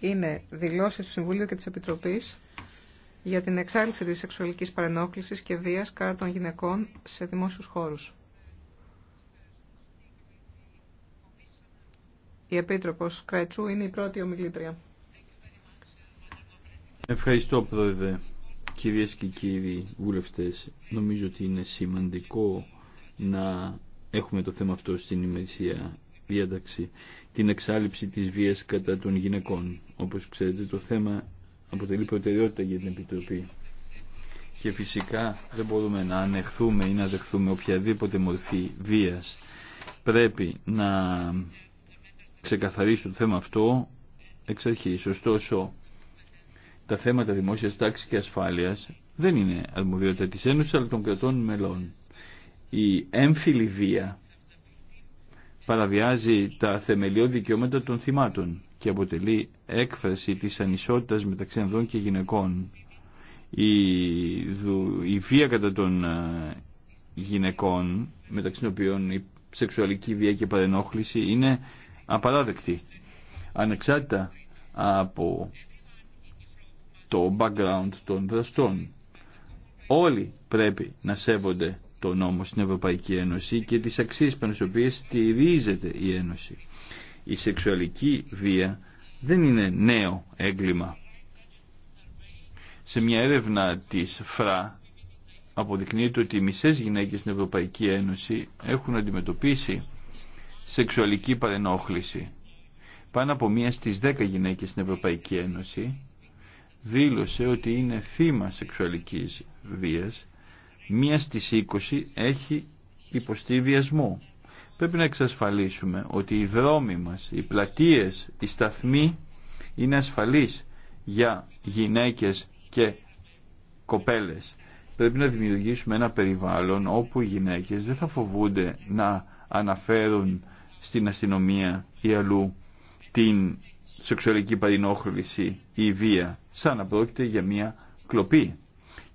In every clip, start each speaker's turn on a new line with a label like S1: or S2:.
S1: είναι δηλώσεις του Συμβουλίου και της Επιτροπής για την εξάλληψη της σεξουαλικής παρενόχλησης και βίας κατά των γυναικών σε δημόσιους χώρους. Η Επίτροπος Κρέτσου είναι η πρώτη ομιλήτρια.
S2: Ευχαριστώ Πρόεδρε, κυρίες και κύριοι βουλευτές. Νομίζω ότι είναι σημαντικό να έχουμε το θέμα αυτό στην ημερησία την εξάλληψη της βίας κατά των γυναικών. Όπως ξέρετε το θέμα αποτελεί προτεραιότητα για την Επιτροπή. Και φυσικά δεν μπορούμε να ανεχθούμε ή να δεχθούμε οποιαδήποτε μορφή βίας. Πρέπει να ξεκαθαρίσει το θέμα αυτό εξ αρχής. Ωστόσο, τα θέματα δημόσιας τάξης και ασφάλειας δεν είναι αρμοδιότητα της Ένωσης αλλά των κρατών μελών. Η έμφυλη βία παραβιάζει τα θεμελιώδη δικαιώματα των θυμάτων και αποτελεί έκφραση της ανισότητας μεταξύ ανδρών και γυναικών. Η, η βία κατά των ε, γυναικών, μεταξύ των οποίων η σεξουαλική βία και παρενόχληση, είναι απαράδεκτη. Ανεξάρτητα από το background των δραστών. Όλοι πρέπει να σέβονται το νόμο στην Ευρωπαϊκή Ένωση και τις αξίες πάνω στις οποίες στηρίζεται η Ένωση. Η σεξουαλική βία δεν είναι νέο έγκλημα. Σε μια έρευνα της ΦΡΑ αποδεικνύεται ότι οι μισές γυναίκες στην Ευρωπαϊκή Ένωση έχουν αντιμετωπίσει σεξουαλική παρενόχληση. Πάνω από μία στις δέκα γυναίκες στην Ευρωπαϊκή Ένωση δήλωσε ότι είναι θύμα σεξουαλικής βίας μία στις 20 έχει υποστεί βιασμό. Πρέπει να εξασφαλίσουμε ότι οι δρόμοι μας, οι πλατείες, οι σταθμοί είναι ασφαλείς για γυναίκες και κοπέλες. Πρέπει να δημιουργήσουμε ένα περιβάλλον όπου οι γυναίκες δεν θα φοβούνται να αναφέρουν στην αστυνομία ή αλλού την σεξουαλική παρενόχληση ή βία σαν να πρόκειται για μια κλοπή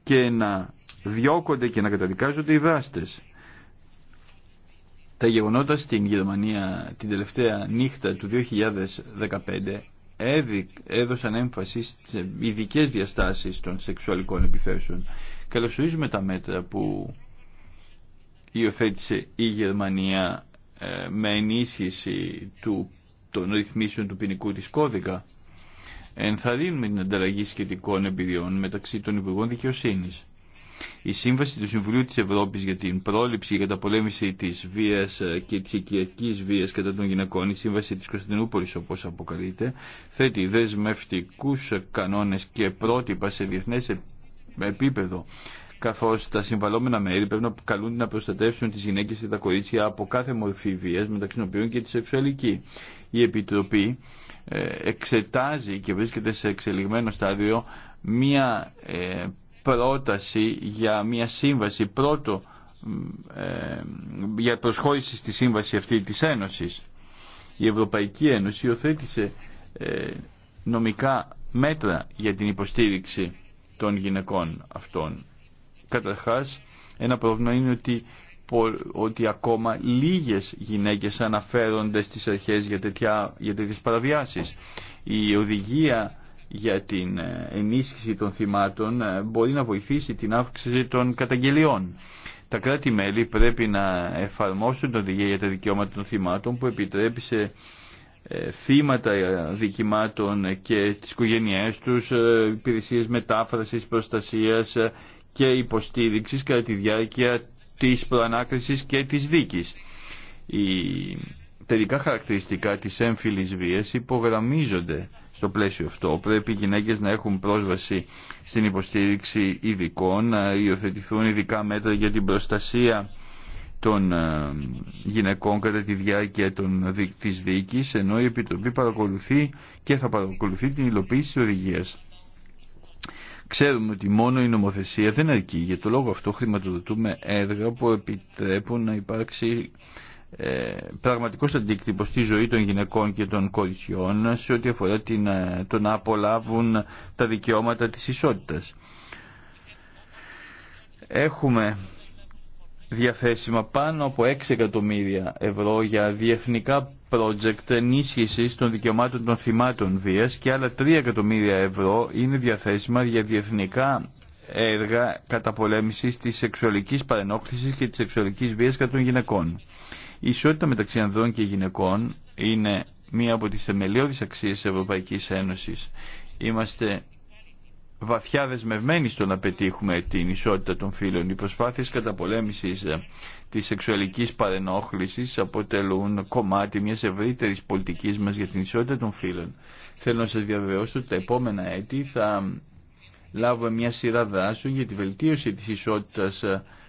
S2: και να διώκονται και να καταδικάζονται οι δράστες. Τα γεγονότα στην Γερμανία την τελευταία νύχτα του 2015 έδωσαν έμφαση στις ειδικέ διαστάσεις των σεξουαλικών επιθέσεων. Καλωσορίζουμε τα μέτρα που υιοθέτησε η Γερμανία ε, με ενίσχυση του, των ρυθμίσεων του ποινικού της κώδικα. Ενθαρρύνουμε την ανταλλαγή σχετικών εμπειριών μεταξύ των Υπουργών Δικαιοσύνης. Η Σύμβαση του Συμβουλίου της Ευρώπης για την πρόληψη και καταπολέμηση της βίας ε, και της οικιακής βίας κατά των γυναικών, η Σύμβαση της Κωνσταντινούπολης όπως αποκαλείται, θέτει δεσμευτικούς κανόνες και πρότυπα σε διεθνές επίπεδο καθώ τα συμβαλώμενα μέρη πρέπει να καλούν να προστατεύσουν τι γυναίκε και τα κορίτσια από κάθε μορφή βία, μεταξύ των οποίων και τη σεξουαλική. Η Επιτροπή ε, εξετάζει και βρίσκεται σε εξελιγμένο στάδιο μία ε, πρόταση για μια σύμβαση πρώτο ε, για προσχώρηση στη σύμβαση αυτή της Ένωσης. Η Ευρωπαϊκή Ένωση υιοθέτησε ε, νομικά μέτρα για την υποστήριξη των γυναικών αυτών. Καταρχάς, ένα πρόβλημα είναι ότι, ότι ακόμα λίγες γυναίκες αναφέρονται στις αρχές για, τέτοια, για τέτοιες παραβιάσεις. Η οδηγία για την ε, ενίσχυση των θυμάτων ε, μπορεί να βοηθήσει την αύξηση των καταγγελιών. Τα κράτη-μέλη πρέπει να εφαρμόσουν το δικαίωμα για τα δικαιώματα των θυμάτων που επιτρέπει σε ε, θύματα δικημάτων και τις οικογένειές τους, υπηρεσίε μετάφρασης, προστασίας και υποστήριξης κατά τη διάρκεια της προανάκρισης και της δίκης. Οι τελικά χαρακτηριστικά της έμφυλης βίας υπογραμμίζονται στο πλαίσιο αυτό πρέπει οι γυναίκες να έχουν πρόσβαση στην υποστήριξη ειδικών, να υιοθετηθούν ειδικά μέτρα για την προστασία των ε, γυναικών κατά τη διάρκεια των, της δίκης, ενώ η Επιτροπή παρακολουθεί και θα παρακολουθεί την υλοποίηση της οδηγίας. Ξέρουμε ότι μόνο η νομοθεσία δεν αρκεί. Για το λόγο αυτό χρηματοδοτούμε έργα που επιτρέπουν να υπάρξει ε, πραγματικός αντίκτυπος στη ζωή των γυναικών και των κοριτσιών σε ό,τι αφορά την, ε, το να απολάβουν τα δικαιώματα της ισότητας. Έχουμε διαθέσιμα πάνω από 6 εκατομμύρια ευρώ για διεθνικά project ενίσχυση των δικαιωμάτων των θυμάτων βίας και άλλα 3 εκατομμύρια ευρώ είναι διαθέσιμα για διεθνικά έργα καταπολέμησης της σεξουαλικής παρενόχλησης και της σεξουαλικής βίας κατά των γυναικών. Η ισότητα μεταξύ ανδρών και γυναικών είναι μία από τις θεμελιώδεις αξίες της Ευρωπαϊκής Ένωσης. Είμαστε βαθιά δεσμευμένοι στο να πετύχουμε την ισότητα των φίλων. Οι προσπάθειες καταπολέμησης της σεξουαλικής παρενόχλησης αποτελούν κομμάτι μιας ευρύτερης πολιτικής μας για την ισότητα των φύλων. Θέλω να σας διαβεβαιώσω ότι τα επόμενα έτη θα λάβουμε μια σειρά δράσεων για τη βελτίωση της ισότητας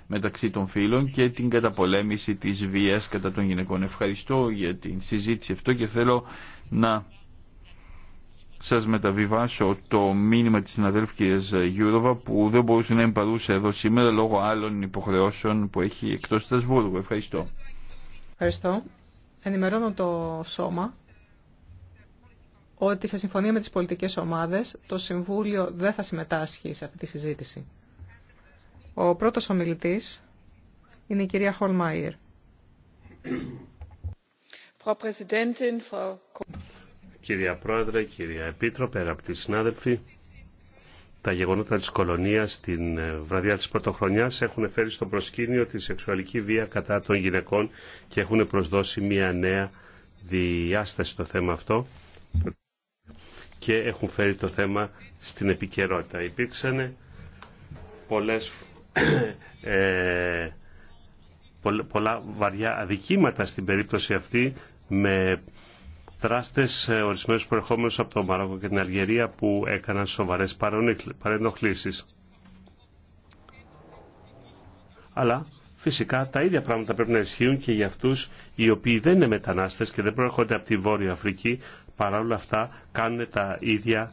S2: μεταξύ των φίλων και την καταπολέμηση της βίας κατά των γυναικών. Ευχαριστώ για την συζήτηση αυτό και θέλω να σας μεταβιβάσω το μήνυμα της συναδέλφου κυρίας Γιούροβα που δεν μπορούσε να είναι παρούσα εδώ σήμερα λόγω άλλων υποχρεώσεων που έχει εκτός Στρασβούργου. Ευχαριστώ.
S1: Ευχαριστώ. Ενημερώνω το σώμα ότι σε συμφωνία με τις πολιτικές ομάδες το Συμβούλιο δεν θα συμμετάσχει σε αυτή τη συζήτηση. Ο πρώτος ομιλητής είναι η κυρία Χολμάιερ.
S3: Κυρία Πρόεδρε, κυρία Επίτροπε, αγαπητοί συνάδελφοι, τα γεγονότα της κολονίας την ε, βραδιά της πρωτοχρονιάς έχουν φέρει στο προσκήνιο τη σεξουαλική βία κατά των γυναικών και έχουν προσδώσει μια νέα διάσταση στο θέμα αυτό και έχουν φέρει το θέμα στην επικαιρότητα. Υπήρξαν πολλές ε, πολλά βαριά αδικήματα στην περίπτωση αυτή με τράστες ε, ορισμένους προερχόμενους από το Μαρόκο και την Αλγερία που έκαναν σοβαρές παρενοχλήσεις. Αλλά φυσικά τα ίδια πράγματα πρέπει να ισχύουν και για αυτούς οι οποίοι δεν είναι μετανάστες και δεν προέρχονται από τη Βόρεια Αφρική παρά όλα αυτά κάνουν τα ίδια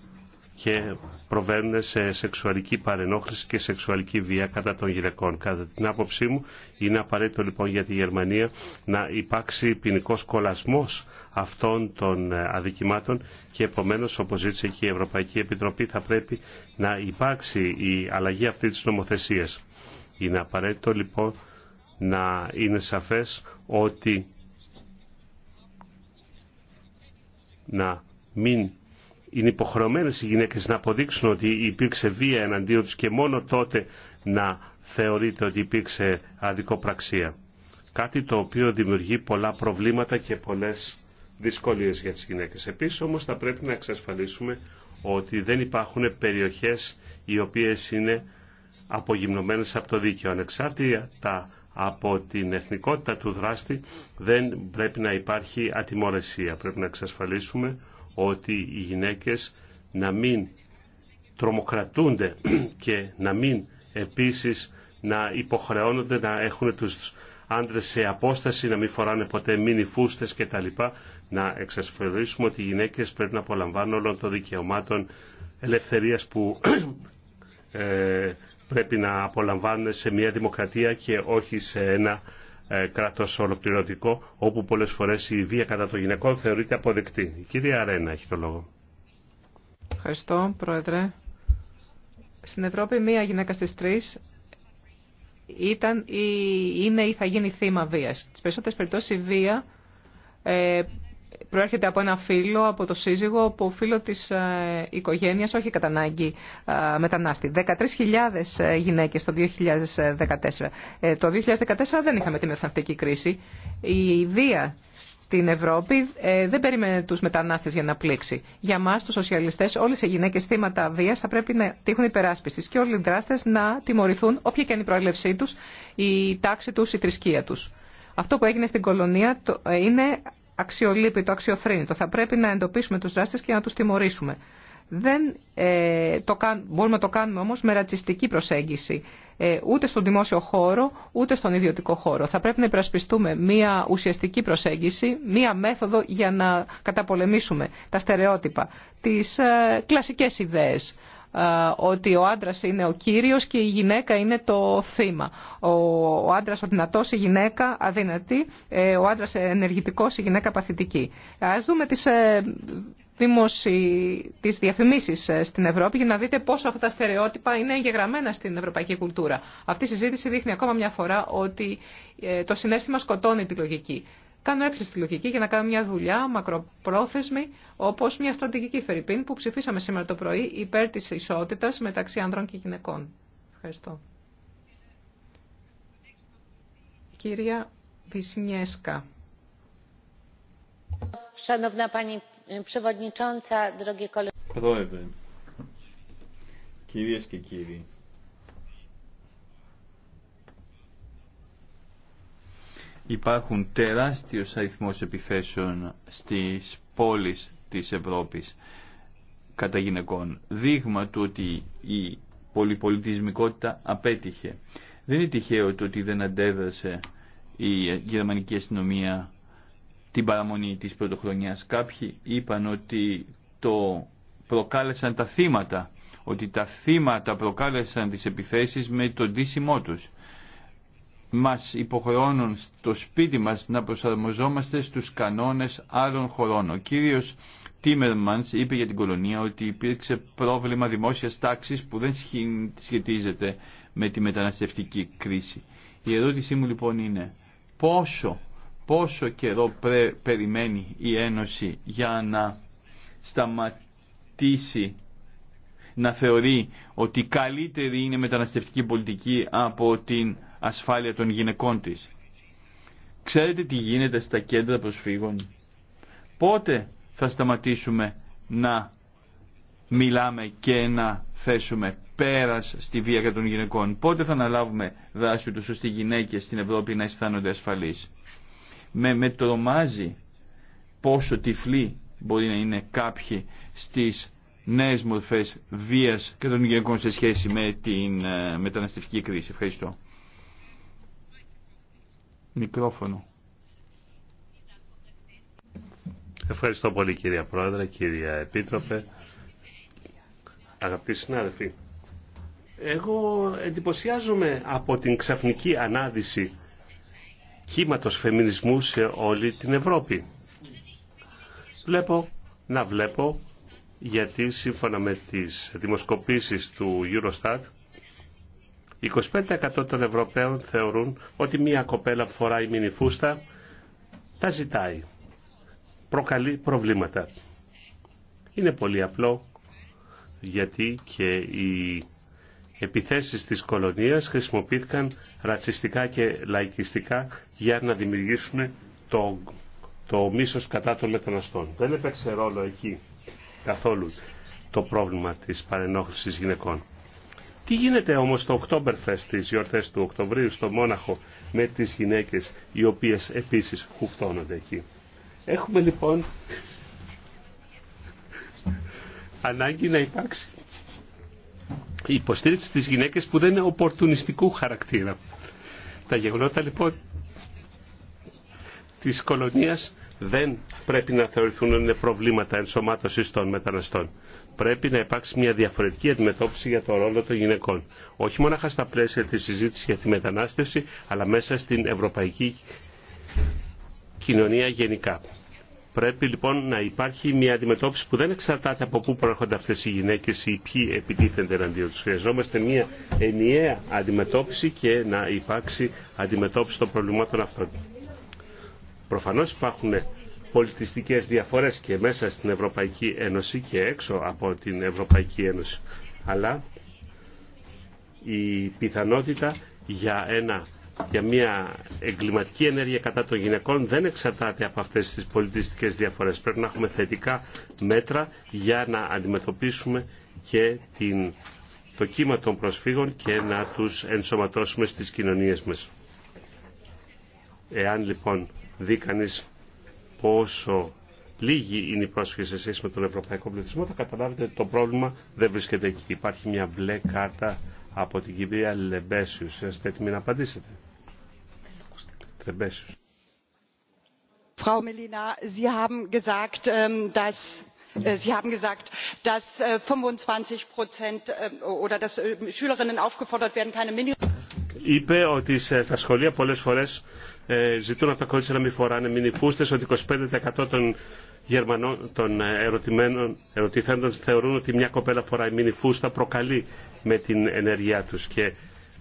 S3: και προβαίνουν σε σεξουαλική παρενόχληση και σεξουαλική βία κατά των γυναικών. Κατά την άποψή μου είναι απαραίτητο λοιπόν για τη Γερμανία να υπάρξει ποινικό κολασμός αυτών των ε, αδικημάτων και επομένως όπω ζήτησε και η Ευρωπαϊκή Επιτροπή θα πρέπει να υπάρξει η αλλαγή αυτή της νομοθεσίας. Είναι απαραίτητο λοιπόν να είναι σαφές ότι να μην είναι υποχρεωμένες οι γυναίκες να αποδείξουν ότι υπήρξε βία εναντίον τους και μόνο τότε να θεωρείται ότι υπήρξε αδικοπραξία. Κάτι το οποίο δημιουργεί πολλά προβλήματα και πολλές δυσκολίες για τις γυναίκες. Επίσης όμως θα πρέπει να εξασφαλίσουμε ότι δεν υπάρχουν περιοχές οι οποίες είναι απογυμνωμένες από το δίκαιο. Ανεξάρτητα από την εθνικότητα του δράστη δεν πρέπει να υπάρχει ατιμορρεσία. Πρέπει να εξασφαλίσουμε ότι οι γυναίκες να μην τρομοκρατούνται και να μην επίσης να υποχρεώνονται να έχουν τους άντρες σε απόσταση, να μην φοράνε ποτέ μίνι φούστες κτλ. Να εξασφαλίσουμε ότι οι γυναίκες πρέπει να απολαμβάνουν όλων των δικαιωμάτων ελευθερίας που ε, πρέπει να απολαμβάνουν σε μια δημοκρατία και όχι σε ένα ε, Κράτο ολοκληρωτικό, όπου πολλές φορές η βία κατά των γυναικών θεωρείται αποδεκτή. Η κυρία Αρένα έχει το λόγο.
S1: Ευχαριστώ, Πρόεδρε. Στην Ευρώπη μία γυναίκα στις τρει ήταν ή είναι ή θα γίνει θύμα βίας. Στις περισσότερες περιπτώσεις η ειναι η θα γινει θυμα βιας στι περισσοτερες περιπτωσει η βια ε, προέρχεται από ένα φίλο, από το σύζυγο, από φίλο της ε, οικογένεια όχι κατά ανάγκη ε, μετανάστη. 13.000 ε, γυναίκες το 2014. Το 2014 δεν είχαμε τη μεταναστική κρίση. Η Δία στην Ευρώπη δεν περίμενε τους μετανάστες για να πλήξει. Για μας, τους σοσιαλιστές, όλες οι γυναίκες θύματα βία θα πρέπει να τύχουν υπεράσπιση και όλοι οι δράστε να τιμωρηθούν, όποια και είναι η προέλευσή του, η τάξη του η θρησκεία του. Αυτό που έγινε στην κολονία είναι αξιολείπητο, αξιοθρύνητο. Θα πρέπει να εντοπίσουμε τους δράστες και να τους τιμωρήσουμε. Δεν ε, το μπορούμε να το κάνουμε όμως με ρατσιστική προσέγγιση, ε, ούτε στον δημόσιο χώρο, ούτε στον ιδιωτικό χώρο. Θα πρέπει να υπερασπιστούμε μία ουσιαστική προσέγγιση, μία μέθοδο για να καταπολεμήσουμε τα στερεότυπα, τις ε, κλασικές ιδέες ε, ότι ο άντρας είναι ο κύριος και η γυναίκα είναι το θύμα. Ο άντρας ο δυνατός, η γυναίκα αδύνατη, ε, ο άντρας ενεργητικός, η γυναίκα παθητική. Ας δούμε τις, ε, δήμωση, τις διαφημίσεις στην Ευρώπη για να δείτε πόσο αυτά τα στερεότυπα είναι εγγεγραμμένα στην ευρωπαϊκή κουλτούρα. Αυτή η συζήτηση δείχνει ακόμα μια φορά ότι το συνέστημα σκοτώνει τη λογική. Κάνω έκθεση στη λογική για να κάνω μια δουλειά μακροπρόθεσμη, όπω μια στρατηγική Φερρυπίν που ψηφίσαμε σήμερα το πρωί υπέρ τη ισότητα μεταξύ άνδρων και γυναικών. Ευχαριστώ. Κυρία Βυσνιέσκα.
S2: Πρόεδρε, κυρίες και κύριοι, υπάρχουν τεράστιος αριθμός επιθέσεων στις πόλεις της Ευρώπης κατά γυναικών. Δείγμα του ότι η πολυπολιτισμικότητα απέτυχε. Δεν είναι τυχαίο το ότι δεν αντέδρασε η γερμανική αστυνομία την παραμονή της πρωτοχρονιάς. Κάποιοι είπαν ότι το προκάλεσαν τα θύματα, ότι τα θύματα προκάλεσαν τις επιθέσεις με τον ντύσιμό τους μας υποχρεώνουν στο σπίτι μας να προσαρμοζόμαστε στους κανόνες άλλων χωρών. Ο κύριος Τίμερμανς είπε για την κολονία ότι υπήρξε πρόβλημα δημόσιας τάξης που δεν σχετίζεται με τη μεταναστευτική κρίση. Η ερώτησή μου λοιπόν είναι πόσο, πόσο καιρό περιμένει η Ένωση για να σταματήσει να θεωρεί ότι καλύτερη είναι μεταναστευτική πολιτική από την ασφάλεια των γυναικών της. Ξέρετε τι γίνεται στα κέντρα προσφύγων. Πότε θα σταματήσουμε να μιλάμε και να θέσουμε πέρας στη βία κατά των γυναικών. Πότε θα αναλάβουμε δράση του ώστε οι γυναίκες στην Ευρώπη να αισθάνονται ασφαλείς. Με, με τρομάζει πόσο τυφλή μπορεί να είναι κάποιοι στις νέες μορφές βίας και των γυναικών σε σχέση με την ε, μεταναστευτική κρίση. Ευχαριστώ. Μικρόφωνο.
S3: Ευχαριστώ πολύ κυρία Πρόεδρε, κυρία Επίτροπε, αγαπητοί συνάδελφοι. Εγώ εντυπωσιάζομαι από την ξαφνική ανάδυση κύματος φεμινισμού σε όλη την Ευρώπη. Βλέπω να βλέπω γιατί σύμφωνα με τις δημοσκοπήσεις του Eurostat 25% των Ευρωπαίων θεωρούν ότι μία κοπέλα που φοράει φουστά, τα ζητάει. Προκαλεί προβλήματα. Είναι πολύ απλό γιατί και οι επιθέσεις της κολονίας χρησιμοποιήθηκαν ρατσιστικά και λαϊκιστικά για να δημιουργήσουν το, το μίσος κατά των μεταναστών. Δεν έπαιξε ρόλο εκεί καθόλου το πρόβλημα της παρενόχλησης γυναικών. Τι γίνεται όμως το Oktoberfest, τις γιορτές του Οκτωβρίου στο Μόναχο με τις γυναίκες οι οποίες επίσης χουφτώνονται εκεί. Έχουμε λοιπόν ανάγκη να υπάρξει η υποστήριξη στις γυναίκες που δεν είναι οπορτουνιστικού χαρακτήρα. Τα γεγονότα λοιπόν της κολονίας δεν πρέπει να θεωρηθούν προβλήματα ενσωμάτωσης των μεταναστών πρέπει να υπάρξει μια διαφορετική αντιμετώπιση για τον ρόλο των γυναικών. Όχι μόνο στα πλαίσια τη συζήτηση για τη μετανάστευση, αλλά μέσα στην ευρωπαϊκή κοινωνία γενικά. Πρέπει λοιπόν να υπάρχει μια αντιμετώπιση που δεν εξαρτάται από πού προέρχονται αυτές οι γυναίκες ή ποιοι επιτίθενται εναντίον τους. Χρειαζόμαστε μια ενιαία αντιμετώπιση και να υπάρξει αντιμετώπιση των προβλημάτων αυτών. Προφανώς υπάρχουν πολιτιστικές διαφορές και μέσα στην Ευρωπαϊκή Ένωση και έξω από την Ευρωπαϊκή Ένωση. Αλλά η πιθανότητα για, ένα, για μια εγκληματική ενέργεια κατά των γυναικών δεν εξαρτάται από αυτές τις πολιτιστικές διαφορές. Πρέπει να έχουμε θετικά μέτρα για να αντιμετωπίσουμε και την, το κύμα των προσφύγων και να τους ενσωματώσουμε στις κοινωνίες μας. Εάν λοιπόν δει κανείς όσο λίγοι είναι οι πρόσφυγες σε σχέση με τον ευρωπαϊκό πληθυσμό, θα καταλάβετε ότι το πρόβλημα δεν βρίσκεται εκεί. Υπάρχει μια μπλε κάρτα από την κυρία Λεμπέσιου. Είστε έτοιμοι να απαντήσετε. Λεμπέσιου.
S4: Frau Melina, Sie haben gesagt, ähm, dass äh, Sie haben gesagt,
S5: dass 25 äh, Prozent äh, oder dass Schülerinnen aufgefordert werden, keine Minimum.
S3: Είπε ότι στα σχολεία πολλές φορές ε, ζητούν από τα κορίτσια να μην φοράνε μινιφούστες, ότι 25% των, Γερμανών, των ερωτημένων, ερωτηθέντων θεωρούν ότι μια κοπέλα φοράει μινιφούστα προκαλεί με την ενέργειά τους και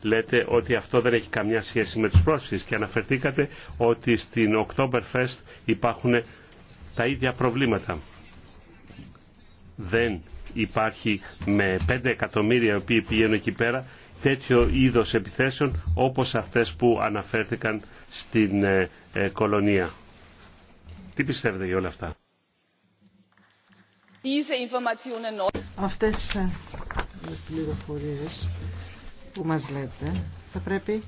S3: λέτε ότι αυτό δεν έχει καμιά σχέση με τους πρόσφυγες και αναφερθήκατε ότι στην Oktoberfest υπάρχουν τα ίδια προβλήματα. Δεν υπάρχει με 5 εκατομμύρια οι οποίοι πηγαίνουν εκεί πέρα τέτοιο είδος επιθέσεων όπως αυτές που αναφέρθηκαν στην ε, ε, κολονία. Τι πιστεύετε για όλα αυτά.
S5: Αυτές ε, οι πληροφορίες που μας λέτε θα πρέπει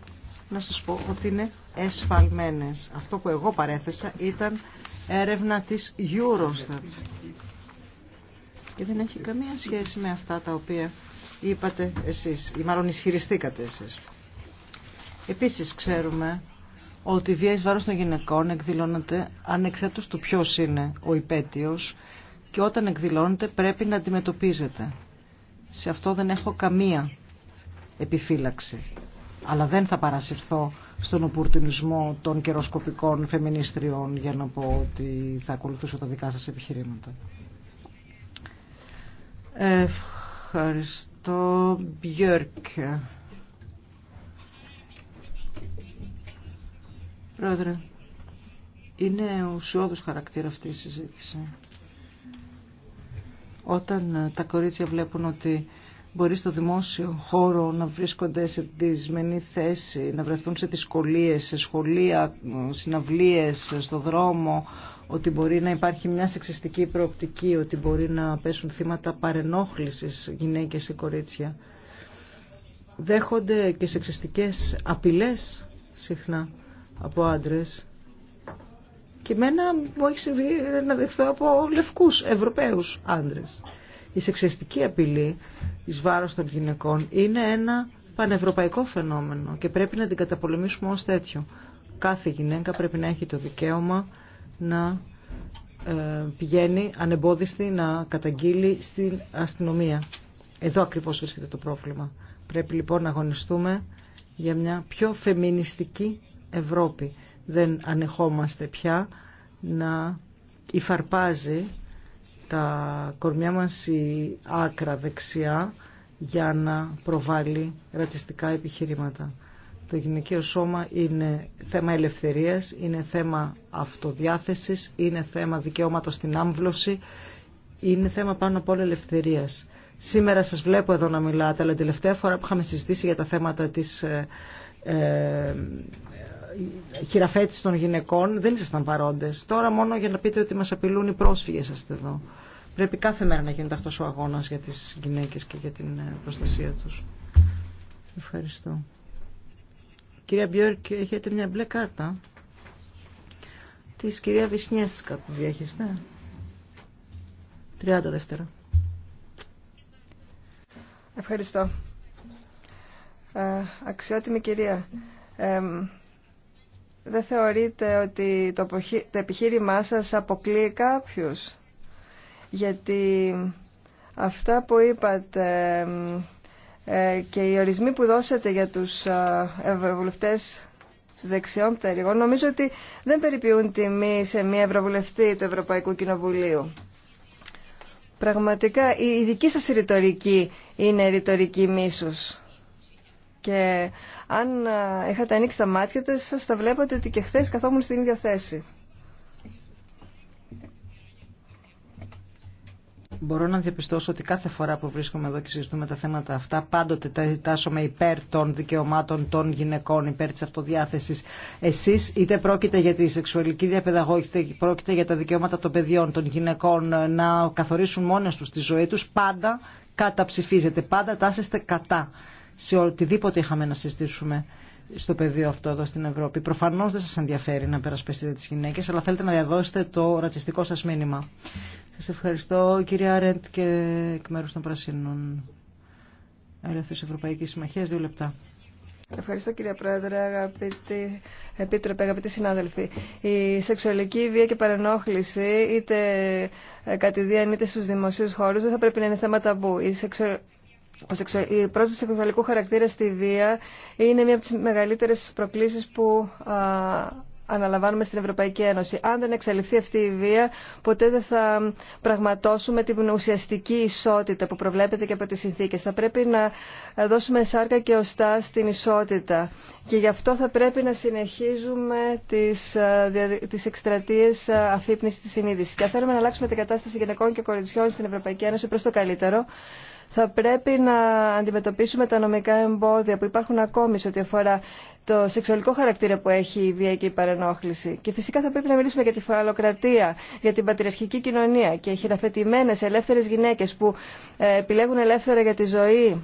S5: να σας πω ότι είναι εσφαλμένες. Αυτό που εγώ παρέθεσα ήταν έρευνα της Eurostat και δεν έχει καμία σχέση με αυτά τα οποία είπατε εσείς, ή μάλλον ισχυριστήκατε εσείς. Επίσης ξέρουμε ότι η βία εις βάρος των γυναικών εκδηλώνεται ανεξάρτητος του ποιος είναι ο υπέτειος και όταν εκδηλώνεται πρέπει να αντιμετωπίζεται. Σε αυτό δεν έχω καμία επιφύλαξη. Αλλά δεν θα παρασυρθώ στον οπουρτινισμό των καιροσκοπικών φεμινίστριων για να πω ότι θα ακολουθήσω τα δικά σας επιχειρήματα. Το Björk. Πρόεδρε, είναι ουσιώδους χαρακτήρα αυτή η συζήτηση. Όταν ε, τα κορίτσια βλέπουν ότι μπορεί στο δημόσιο χώρο να βρίσκονται σε δυσμενή θέση, να βρεθούν σε δυσκολίες, σε σχολεία, ε, συναυλίες, ε, στο δρόμο, ότι μπορεί να υπάρχει μια σεξιστική προοπτική, ότι μπορεί να πέσουν θύματα παρενόχλησης γυναίκες ή κορίτσια. Δέχονται και σεξιστικές απειλές συχνά από άντρες. Και εμένα μου έχει συμβεί να δεχθώ από λευκούς Ευρωπαίους άντρες. Η σεξιστική απειλή εις βάρος των γυναικών είναι ένα πανευρωπαϊκό φαινόμενο και σεξιστικες απειλες συχνα απο αντρες και μενα μου εχει συμβει να δεχθω απο λευκους ευρωπαιους αντρες η σεξιστικη απειλη εις βαρος των γυναικων ειναι ενα πανευρωπαικο φαινομενο και πρεπει να την καταπολεμήσουμε ως τέτοιο. Κάθε γυναίκα πρέπει να έχει το δικαίωμα να ε, πηγαίνει ανεμπόδιστη να καταγγείλει στην αστυνομία. Εδώ ακριβώς βρίσκεται το πρόβλημα. Πρέπει λοιπόν να αγωνιστούμε για μια πιο φεμινιστική Ευρώπη. Δεν ανεχόμαστε πια να υφαρπάζει τα κορμιά μας η άκρα δεξιά για να προβάλλει ρατσιστικά επιχειρήματα. Το γυναικείο σώμα είναι θέμα ελευθερίας, είναι θέμα αυτοδιάθεσης, είναι θέμα δικαιώματος στην άμβλωση, είναι θέμα πάνω απ' όλα ελευθερίας. Σήμερα σας βλέπω εδώ να μιλάτε, αλλά την τελευταία φορά που είχαμε συζητήσει για τα θέματα της ε, ε, ε χειραφέτησης των γυναικών δεν ήσασταν παρόντες. Τώρα μόνο για να πείτε ότι μας απειλούν οι πρόσφυγες σας εδώ. Πρέπει κάθε μέρα να γίνεται αυτός ο αγώνας για τις γυναίκες και για την ε, προστασία τους. Ευχαριστώ. Κυρία Μπιόρκ, έχετε μια μπλε κάρτα της κυρία Βυσνιέσκα που διέχεστε. 30 δεύτερα.
S4: Ευχαριστώ. Ε, αξιότιμη κυρία, δεν θεωρείτε ότι το, το επιχείρημά σας αποκλείει κάποιους, γιατί αυτά που είπατε ε, και οι ορισμοί που δώσατε για τους ε, ευρωβουλευτές δεξιών πτέρυγων νομίζω ότι δεν περιποιούν τιμή σε μία ευρωβουλευτή του Ευρωπαϊκού Κοινοβουλίου. Πραγματικά η δική σας ρητορική είναι ρητορική μίσους. Και αν ε, είχατε ανοίξει τα μάτια σας θα βλέπατε ότι και χθε καθόμουν στην ίδια θέση.
S5: Μπορώ να διαπιστώσω ότι κάθε φορά που βρίσκομαι εδώ και συζητούμε τα θέματα αυτά, πάντοτε τα ζητάσουμε υπέρ των δικαιωμάτων των γυναικών, υπέρ τη αυτοδιάθεση. Εσεί, είτε πρόκειται για τη σεξουαλική διαπαιδαγώγηση, είτε πρόκειται για τα δικαιώματα των παιδιών, των γυναικών, να καθορίσουν μόνε του τη ζωή του, πάντα καταψηφίζετε, πάντα τάσεστε κατά σε οτιδήποτε είχαμε να συζητήσουμε στο πεδίο αυτό εδώ στην Ευρώπη. Προφανώ δεν σα ενδιαφέρει να περασπιστείτε τι γυναίκε, αλλά θέλετε να διαδώσετε το ρατσιστικό σα μήνυμα. Σας ευχαριστώ κυρία Άρεντ και εκ μέρους των Πρασίνων Ελεύθερης Ευρωπαϊκής Συμμαχίας. Δύο λεπτά.
S4: Ευχαριστώ κύριε Πρόεδρε, αγαπητοί επίτροπε, αγαπητοί συνάδελφοι. Η σεξουαλική βία και παρενόχληση είτε κατηδίαν είτε στους δημοσίους χώρους δεν θα πρέπει να είναι θέμα ταμπού. Η σεξου... Η πρόσθεση σεξουαλικού χαρακτήρα στη βία είναι μία από τις μεγαλύτερες προκλήσεις που αναλαμβάνουμε στην Ευρωπαϊκή Ένωση. Αν δεν εξαλειφθεί αυτή η βία, ποτέ δεν θα πραγματώσουμε την ουσιαστική ισότητα που προβλέπεται και από τις συνθήκες. Θα πρέπει να δώσουμε σάρκα και οστά στην ισότητα. Και γι' αυτό θα πρέπει να συνεχίζουμε τις, ε, τις εκστρατείες ε, αφύπνισης της συνείδησης. Και αν θέλουμε να αλλάξουμε την κατάσταση γυναικών και κοριτσιών στην Ευρωπαϊκή Ένωση προς το καλύτερο, θα πρέπει να αντιμετωπίσουμε τα νομικά εμπόδια που υπάρχουν ακόμη σε ό,τι αφορά το σεξουαλικό χαρακτήρα που έχει η η παρενόχληση. Και φυσικά θα πρέπει να μιλήσουμε για τη φαλοκρατία, για την πατριαρχική κοινωνία και χειραφετημένες ελεύθερες γυναίκες που ε, επιλέγουν ελεύθερα για τη ζωή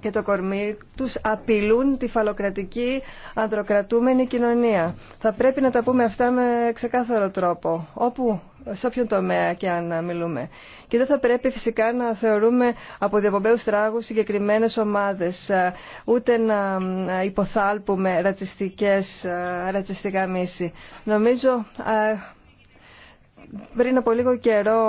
S4: και το κορμί τους απειλούν τη φαλοκρατική ανδροκρατούμενη κοινωνία. Θα πρέπει να τα πούμε αυτά με ξεκάθαρο τρόπο. Όπου σε όποιον τομέα και αν μιλούμε. Και δεν θα πρέπει φυσικά να θεωρούμε από διαπομπέους τράγους συγκεκριμένες ομάδες, ε, ούτε να ε, υποθάλπουμε ρατσιστικές, ε, ρατσιστικά μίση. Νομίζω πριν από λίγο καιρό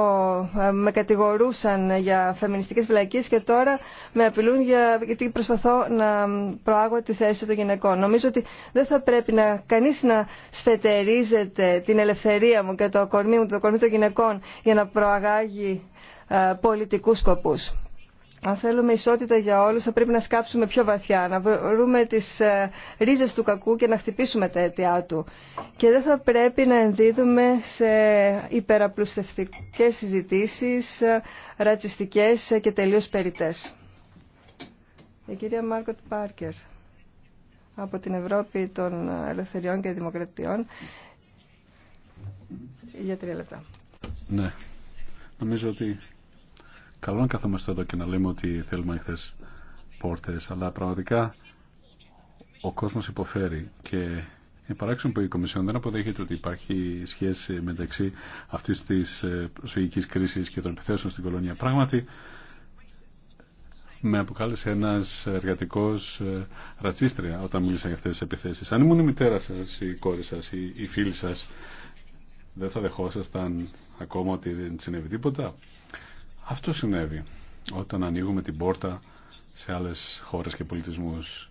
S4: ε, με κατηγορούσαν για φεμινιστικές βλακίες και τώρα με απειλούν για, γιατί προσπαθώ να προάγω τη θέση των γυναικών. Νομίζω ότι δεν θα πρέπει να, κανείς να σφετερίζεται την ελευθερία μου και το κορμί μου, το κορμί των γυναικών για να προαγάγει ε, πολιτικούς σκοπούς αν θέλουμε ισότητα για όλους θα πρέπει να σκάψουμε πιο βαθιά, να βρούμε τις ε, ρίζες του κακού και να χτυπήσουμε τα αίτια του. Και δεν θα πρέπει να ενδίδουμε σε υπεραπλουστευτικές συζητήσεις, ε, ρατσιστικές ε, και τελείως περιτές. Η κυρία Μάρκοτ Πάρκερ από την Ευρώπη των Ελευθεριών και Δημοκρατιών για τρία λεπτά.
S6: Ναι, νομίζω ότι Καλό να καθόμαστε εδώ και να λέμε ότι θέλουμε ανοιχτέ πόρτε, αλλά πραγματικά ο κόσμο υποφέρει και είναι παράξενο που η Κομισιόν δεν αποδέχεται ότι υπάρχει σχέση μεταξύ αυτή τη ε, προσφυγική κρίση και των επιθέσεων στην κολονία. Πράγματι, με αποκάλεσε ένα εργατικό ε, ρατσίστρια όταν μίλησα για αυτέ τι επιθέσει. Αν ήμουν η μητέρα σα, η κόρη σα, η φίλη σα, δεν θα δεχόσασταν ακόμα ότι δεν συνέβη τίποτα. Αυτό συνέβη όταν ανοίγουμε την πόρτα σε άλλες χώρες και πολιτισμούς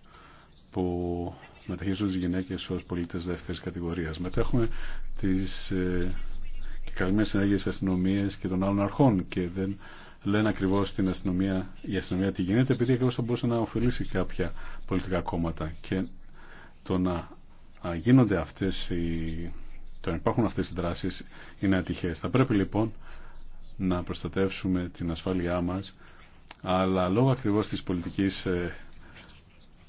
S6: που μεταχείριζονται τις γυναίκες ως πολίτες δεύτερης κατηγορίας. Μετέχουμε τις ε, καλυμμένες συνέργειες αστυνομίες και των άλλων αρχών και δεν λένε ακριβώς την αστυνομία, η αστυνομία τι γίνεται επειδή ακριβώς θα μπορούσε να ωφελήσει κάποια πολιτικά κόμματα και το να γίνονται αυτές οι, το να υπάρχουν αυτές οι δράσεις είναι ατυχές. Θα πρέπει λοιπόν να προστατεύσουμε την ασφάλειά μας, αλλά λόγω ακριβώς της πολιτικής ε,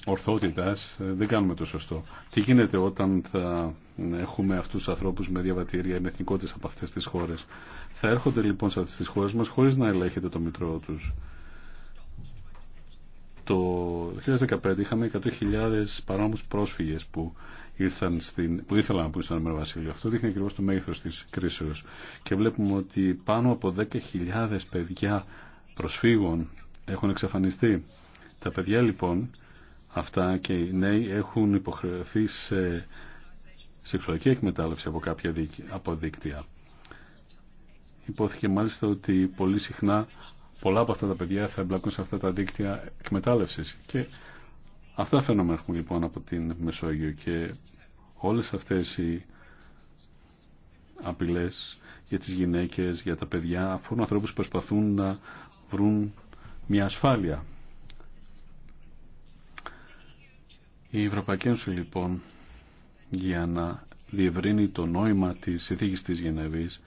S6: ορθότητας ε, δεν κάνουμε το σωστό. Τι γίνεται όταν θα έχουμε αυτούς τους ανθρώπους με διαβατήρια με εθνικότητες από αυτές τις χώρες. Θα έρχονται λοιπόν σε αυτές τις χώρες μας χωρίς να ελέγχεται το μητρό τους. Το 2015 είχαμε 100.000 παρόμους πρόσφυγες που ήρθαν στην, που ήθελαν να πούν στον Ανωμένο Βασίλειο. Αυτό δείχνει ακριβώ το μέγεθο τη κρίσεω. Και βλέπουμε ότι πάνω από 10.000 παιδιά προσφύγων έχουν εξαφανιστεί. Τα παιδιά λοιπόν αυτά και οι νέοι έχουν υποχρεωθεί σε σεξουαλική εκμετάλλευση από κάποια αποδίκτυα. Υπόθηκε μάλιστα ότι πολύ συχνά πολλά από αυτά τα παιδιά θα εμπλακούν σε αυτά τα δίκτυα εκμετάλλευση. και Αυτά φαινόμενα έχουμε λοιπόν από την Μεσόγειο και όλες αυτές οι απειλές για τις γυναίκες, για τα παιδιά, αφορούν ανθρώπους που προσπαθούν να βρουν μια ασφάλεια. Η Ευρωπαϊκή Ένωση λοιπόν για να διευρύνει το νόημα της συνθήκης της Γενεβής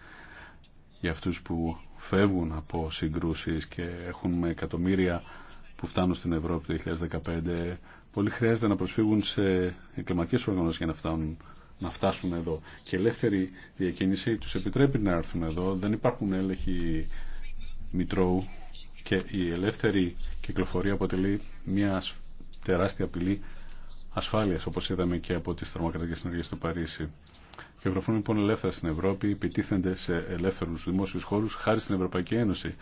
S6: για αυτούς που φεύγουν από συγκρούσεις και έχουν με εκατομμύρια που φτάνουν στην Ευρώπη το 2015, πολλοί χρειάζεται να προσφύγουν σε εγκληματικέ οργανώσεις για να φτάνουν να φτάσουν εδώ. Και η ελεύθερη διακίνηση τους επιτρέπει να έρθουν εδώ. Δεν υπάρχουν έλεγχοι μητρώου και η ελεύθερη κυκλοφορία αποτελεί μια τεράστια απειλή ασφάλειας, όπως είδαμε και από τις θερμοκρατικές συνεργασίες στο Παρίσι. Και γραφούν λοιπόν ελεύθερα στην Ευρώπη, επιτίθενται σε ελεύθερους δημόσιους χώρους χάρη στην Ευρωπαϊκή Ένωση.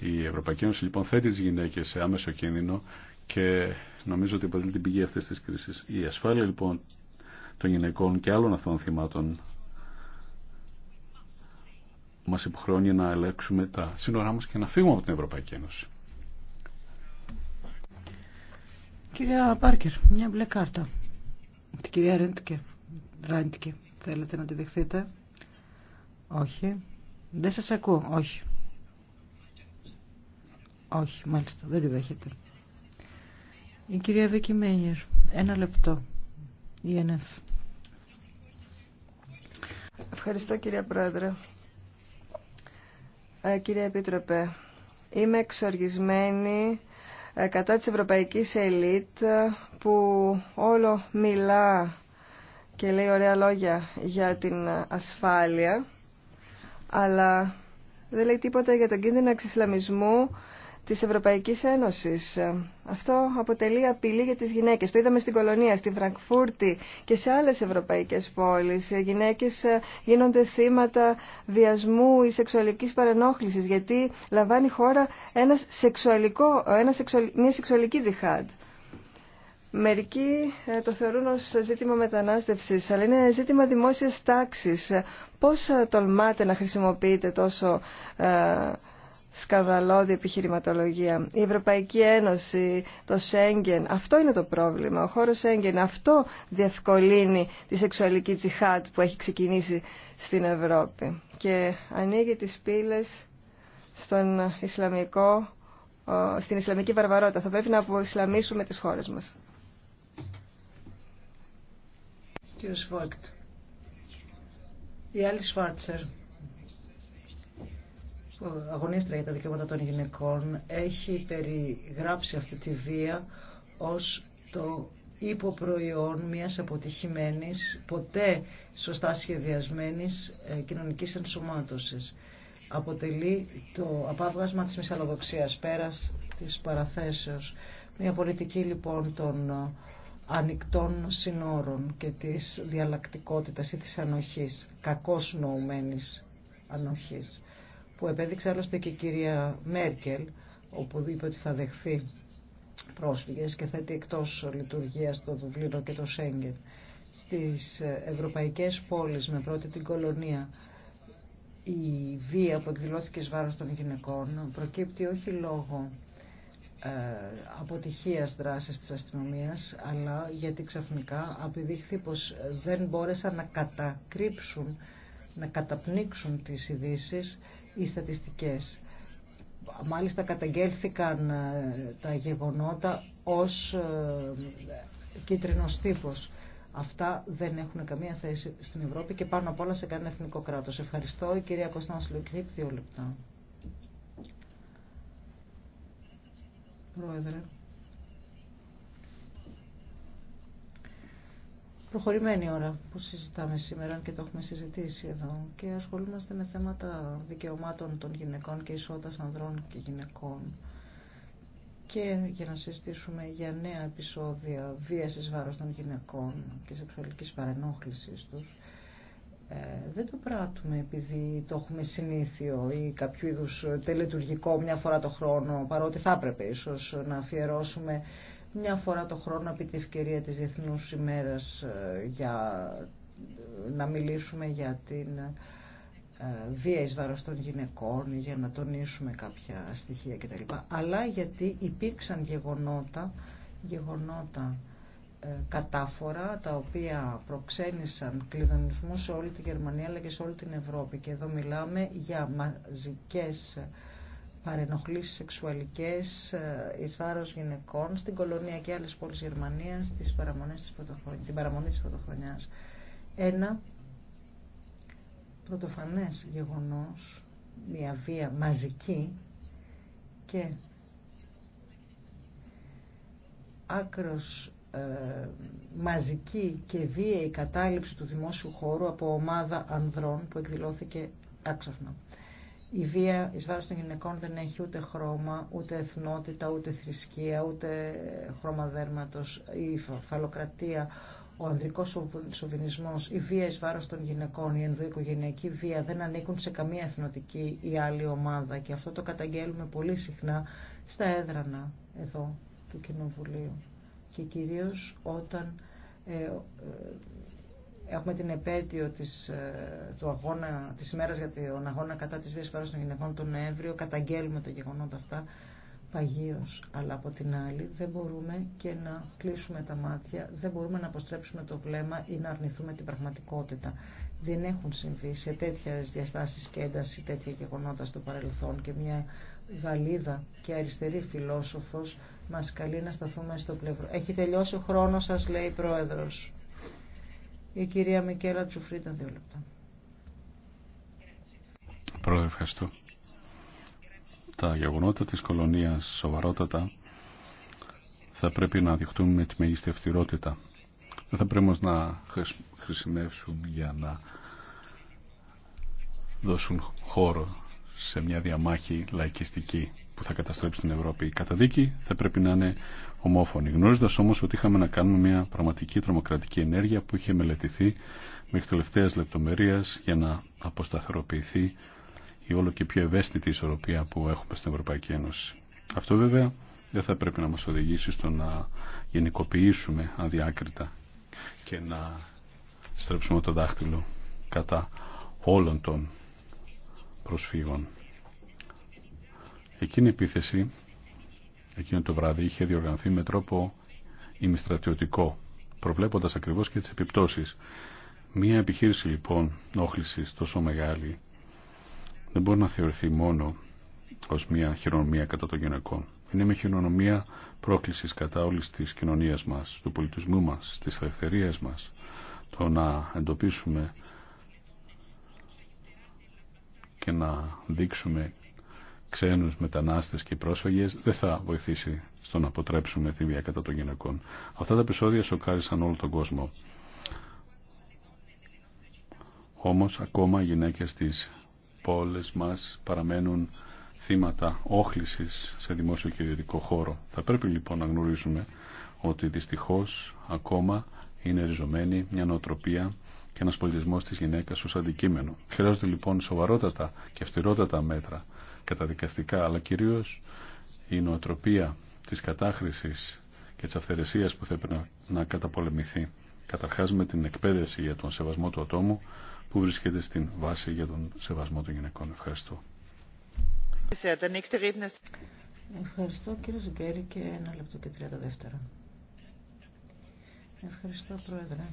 S6: Η Ευρωπαϊκή Ένωση λοιπόν θέτει τι γυναίκε σε άμεσο κίνδυνο και νομίζω ότι αποτελεί την πηγή αυτή τη κρίση. Η ασφάλεια λοιπόν των γυναικών και άλλων αυτών θυμάτων μας υποχρεώνει να ελέγξουμε τα σύνορά μα και να φύγουμε από την Ευρωπαϊκή Ένωση.
S5: Κυρία Πάρκερ, μια μπλε κάρτα. Την κυρία Ρέντκε. Θέλετε να τη δεχθείτε. Όχι. Δεν σας ακούω. Όχι. Όχι, μάλιστα, δεν τη δέχεται. Η κυρία Βίκη ένα
S4: λεπτό. Η Ευχαριστώ κυρία Πρόεδρε. Ε, κυρία Επίτροπε, είμαι εξοργισμένη ε, κατά της ευρωπαϊκής ελίτ που όλο μιλά και λέει ωραία λόγια για την ασφάλεια αλλά δεν λέει τίποτα για τον κίνδυνο εξισλαμισμού της Ευρωπαϊκής Ένωσης. Αυτό αποτελεί απειλή για τις γυναίκες. Το είδαμε στην Κολονία, στη Φραγκφούρτη και σε άλλες ευρωπαϊκές πόλεις. Οι γυναίκες γίνονται θύματα βιασμού ή σεξουαλικής παρενόχλησης γιατί λαμβάνει η χώρα ένας χωρα ένα ένα μια σεξουαλική τζιχάντ. Μερικοί ε, το θεωρούν ως ζήτημα μετανάστευσης, αλλά είναι ζήτημα δημόσιας τάξης. Πώς ε, τολμάτε να χρησιμοποιείτε τόσο ε, σκανδαλώδη επιχειρηματολογία. Η Ευρωπαϊκή Ένωση, το Σέγγεν, αυτό είναι το πρόβλημα. Ο χώρος Σέγγεν, αυτό διευκολύνει τη σεξουαλική τσιχάτ που έχει ξεκινήσει στην Ευρώπη και ανοίγει τις πύλες στον Ισλαμικό, στην Ισλαμική βαρβαρότητα. Θα πρέπει να αποισλαμίσουμε τις χώρες μας.
S5: Κύριος Η άλλη Σφάρτσερ. Αγωνίστρα για τα δικαιώματα των γυναικών, έχει περιγράψει αυτή τη βία ως το υποπροϊόν μιας αποτυχημένης, ποτέ σωστά σχεδιασμένης ε, κοινωνικής ενσωμάτωσης. Αποτελεί το απάβγασμα της μυσαλλοδοξίας πέρας της παραθέσεως. Μια πολιτική λοιπόν των ε, ανοιχτών συνόρων και της διαλλακτικότητας ή της ανοχής, κακώς νοουμένης ανοχής που επέδειξε άλλωστε και η κυρία Μέρκελ, όπου είπε ότι θα δεχθεί πρόσφυγες και θέτει εκτός λειτουργίας το Δουβλίνο και το Σέγγεν. Στις ευρωπαϊκές πόλεις με πρώτη την κολονία η βία που εκδηλώθηκε εις βάρος των γυναικών προκύπτει όχι λόγω ε, αποτυχίας δράσης της αστυνομίας αλλά γιατί ξαφνικά απειδείχθη πως δεν μπόρεσαν να κατακρύψουν να καταπνίξουν τις ειδήσει οι στατιστικές. Μάλιστα καταγγέλθηκαν ε, τα γεγονότα ως ε, κίτρινος τύπος. Αυτά δεν έχουν καμία θέση στην Ευρώπη και πάνω απ' όλα σε κανένα εθνικό κράτος. Ευχαριστώ. Η κυρία Κωνσταντς Λουκρύπ, δύο λεπτά. Πρόεδρε. προχωρημένη ώρα που συζητάμε σήμερα και το έχουμε συζητήσει εδώ και ασχολούμαστε με θέματα δικαιωμάτων των γυναικών και ισότητας ανδρών και γυναικών και για να συζητήσουμε για νέα επεισόδια βίας εις βάρος των γυναικών και σεξουαλικής παρενόχλησης τους. Ε, δεν το πράττουμε επειδή το έχουμε συνήθιο ή κάποιο είδους τελετουργικό μια φορά το χρόνο, παρότι θα έπρεπε ίσως να αφιερώσουμε μια φορά το χρόνο επί τη ευκαιρία της Διεθνούς ημέρας ε, για ε, να μιλήσουμε για την ε, βία εις βάρος των γυναικών, για να τονίσουμε κάποια στοιχεία κτλ. Αλλά γιατί υπήρξαν γεγονότα, γεγονότα κατάφορα τα οποία προξένησαν κλειδονισμού σε όλη τη Γερμανία αλλά και σε όλη την Ευρώπη και εδώ μιλάμε για μαζικές παρενοχλήσεις σεξουαλικές ε, εις βάρος γυναικών στην Κολονία και άλλες πόλεις Γερμανίας της την παραμονή της πρωτοχρονιάς. Ένα πρωτοφανές γεγονός, μια βία μαζική και άκρος ε, μαζική και βία η κατάληψη του δημόσιου χώρου από ομάδα ανδρών που εκδηλώθηκε άξαφνα η βία εις βάρος των γυναικών δεν έχει ούτε χρώμα, ούτε εθνότητα, ούτε θρησκεία, ούτε χρώμα δέρματος, η φαλοκρατία, ο ανδρικός σοβινισμός, η βία εις βάρος των γυναικών, η ενδοοικογενειακή βία δεν ανήκουν σε καμία εθνοτική ή άλλη ομάδα και αυτό το καταγγέλουμε πολύ συχνά στα έδρανα εδώ του Κοινοβουλίου και κυρίως όταν ε, ε, Έχουμε την επέτειο της, ε, του αγώνα, της ημέρας για τον αγώνα κατά της βίας παρός των γυναικών τον Νοέμβριο. Καταγγέλουμε τα γεγονότα αυτά παγίως. Αλλά από την άλλη δεν μπορούμε και να κλείσουμε τα μάτια, δεν μπορούμε να αποστρέψουμε το βλέμμα ή να αρνηθούμε την πραγματικότητα. Δεν έχουν συμβεί σε τέτοια διαστάσει και ένταση τέτοια γεγονότα στο παρελθόν και μια γαλίδα και αριστερή φιλόσοφος μας καλεί να σταθούμε στο πλευρό. Έχει τελειώσει ο χρόνος σας λέει η Πρόεδρος. Η κυρία Μικέλα Τσουφρίτα, δύο λεπτά.
S6: Πρόεδρε, ευχαριστώ. Τα γεγονότα της κολονίας σοβαρότατα θα πρέπει να διχτούν με τη μέγιστη ευθυρότητα. Δεν θα πρέπει όμως να χρησιμεύσουν για να δώσουν χώρο σε μια διαμάχη λαϊκιστική που θα καταστρέψει την Ευρώπη. Η καταδίκη θα πρέπει να είναι ομόφωνη. Γνωρίζοντα όμω ότι είχαμε να κάνουμε μια πραγματική τρομοκρατική ενέργεια που είχε μελετηθεί μέχρι τελευταία λεπτομερία για να αποσταθεροποιηθεί η όλο και πιο ευαίσθητη ισορροπία που έχουμε στην Ευρωπαϊκή Ένωση. Αυτό βέβαια δεν θα πρέπει να μας οδηγήσει στο να γενικοποιήσουμε αδιάκριτα και να στρέψουμε το δάχτυλο κατά όλων των προσφύγων. Εκείνη η επίθεση, εκείνο το βράδυ, είχε διοργανωθεί με τρόπο ημιστρατιωτικό, προβλέποντας ακριβώς και τις επιπτώσεις. Μία επιχείρηση λοιπόν όχλησης τόσο μεγάλη δεν μπορεί να θεωρηθεί μόνο ως μία χειρονομία κατά των γυναικών. Είναι μια χειρονομία πρόκλησης κατά όλης της κοινωνίας μας, του πολιτισμού μας, της ελευθερίας μας. Το να εντοπίσουμε και να δείξουμε ξένους μετανάστες και πρόσφυγες δεν θα βοηθήσει στο να αποτρέψουμε τη βία κατά των γυναικών. Αυτά τα επεισόδια σοκάρισαν όλο τον κόσμο. Όμως ακόμα οι γυναίκες της πόλης μας παραμένουν θύματα όχλησης σε δημόσιο και ιδιωτικό χώρο. Θα πρέπει λοιπόν να γνωρίζουμε ότι δυστυχώς ακόμα είναι ριζωμένη μια νοοτροπία και ένας πολιτισμός της γυναίκας ως αντικείμενο. Χρειάζονται λοιπόν σοβαρότατα και αυστηρότατα μέτρα καταδικαστικά, αλλά κυρίως η νοοτροπία της κατάχρησης και της αυθαιρεσίας που θα έπρεπε να καταπολεμηθεί. Καταρχάς με την εκπαίδευση για τον σεβασμό του ατόμου που βρίσκεται στην βάση για τον σεβασμό των γυναικών. Ευχαριστώ.
S5: Ευχαριστώ κύριε Ζουγκέρη και ένα λεπτό και τριάντα δεύτερα. Ευχαριστώ πρόεδρε.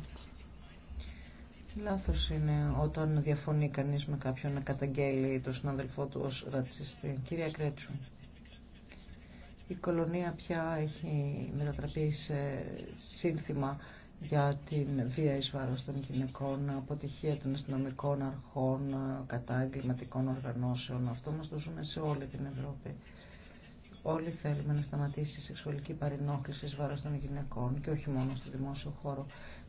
S5: Λάθος είναι όταν διαφωνεί κανείς με κάποιον να καταγγέλει τον συναδελφό του ως ρατσιστή. Κυρία Κρέτσου, η κολονία πια έχει μετατραπεί σε σύνθημα για την βία εις βάρος των γυναικών, αποτυχία των αστυνομικών αρχών, κατά εγκληματικών οργανώσεων. Αυτό μας το ζούμε σε όλη την Ευρώπη. Όλοι θέλουμε να σταματήσει η σεξουαλική παρενόχληση εις βάρος των γυναικών και όχι μόνο στο δημόσιο χώρο.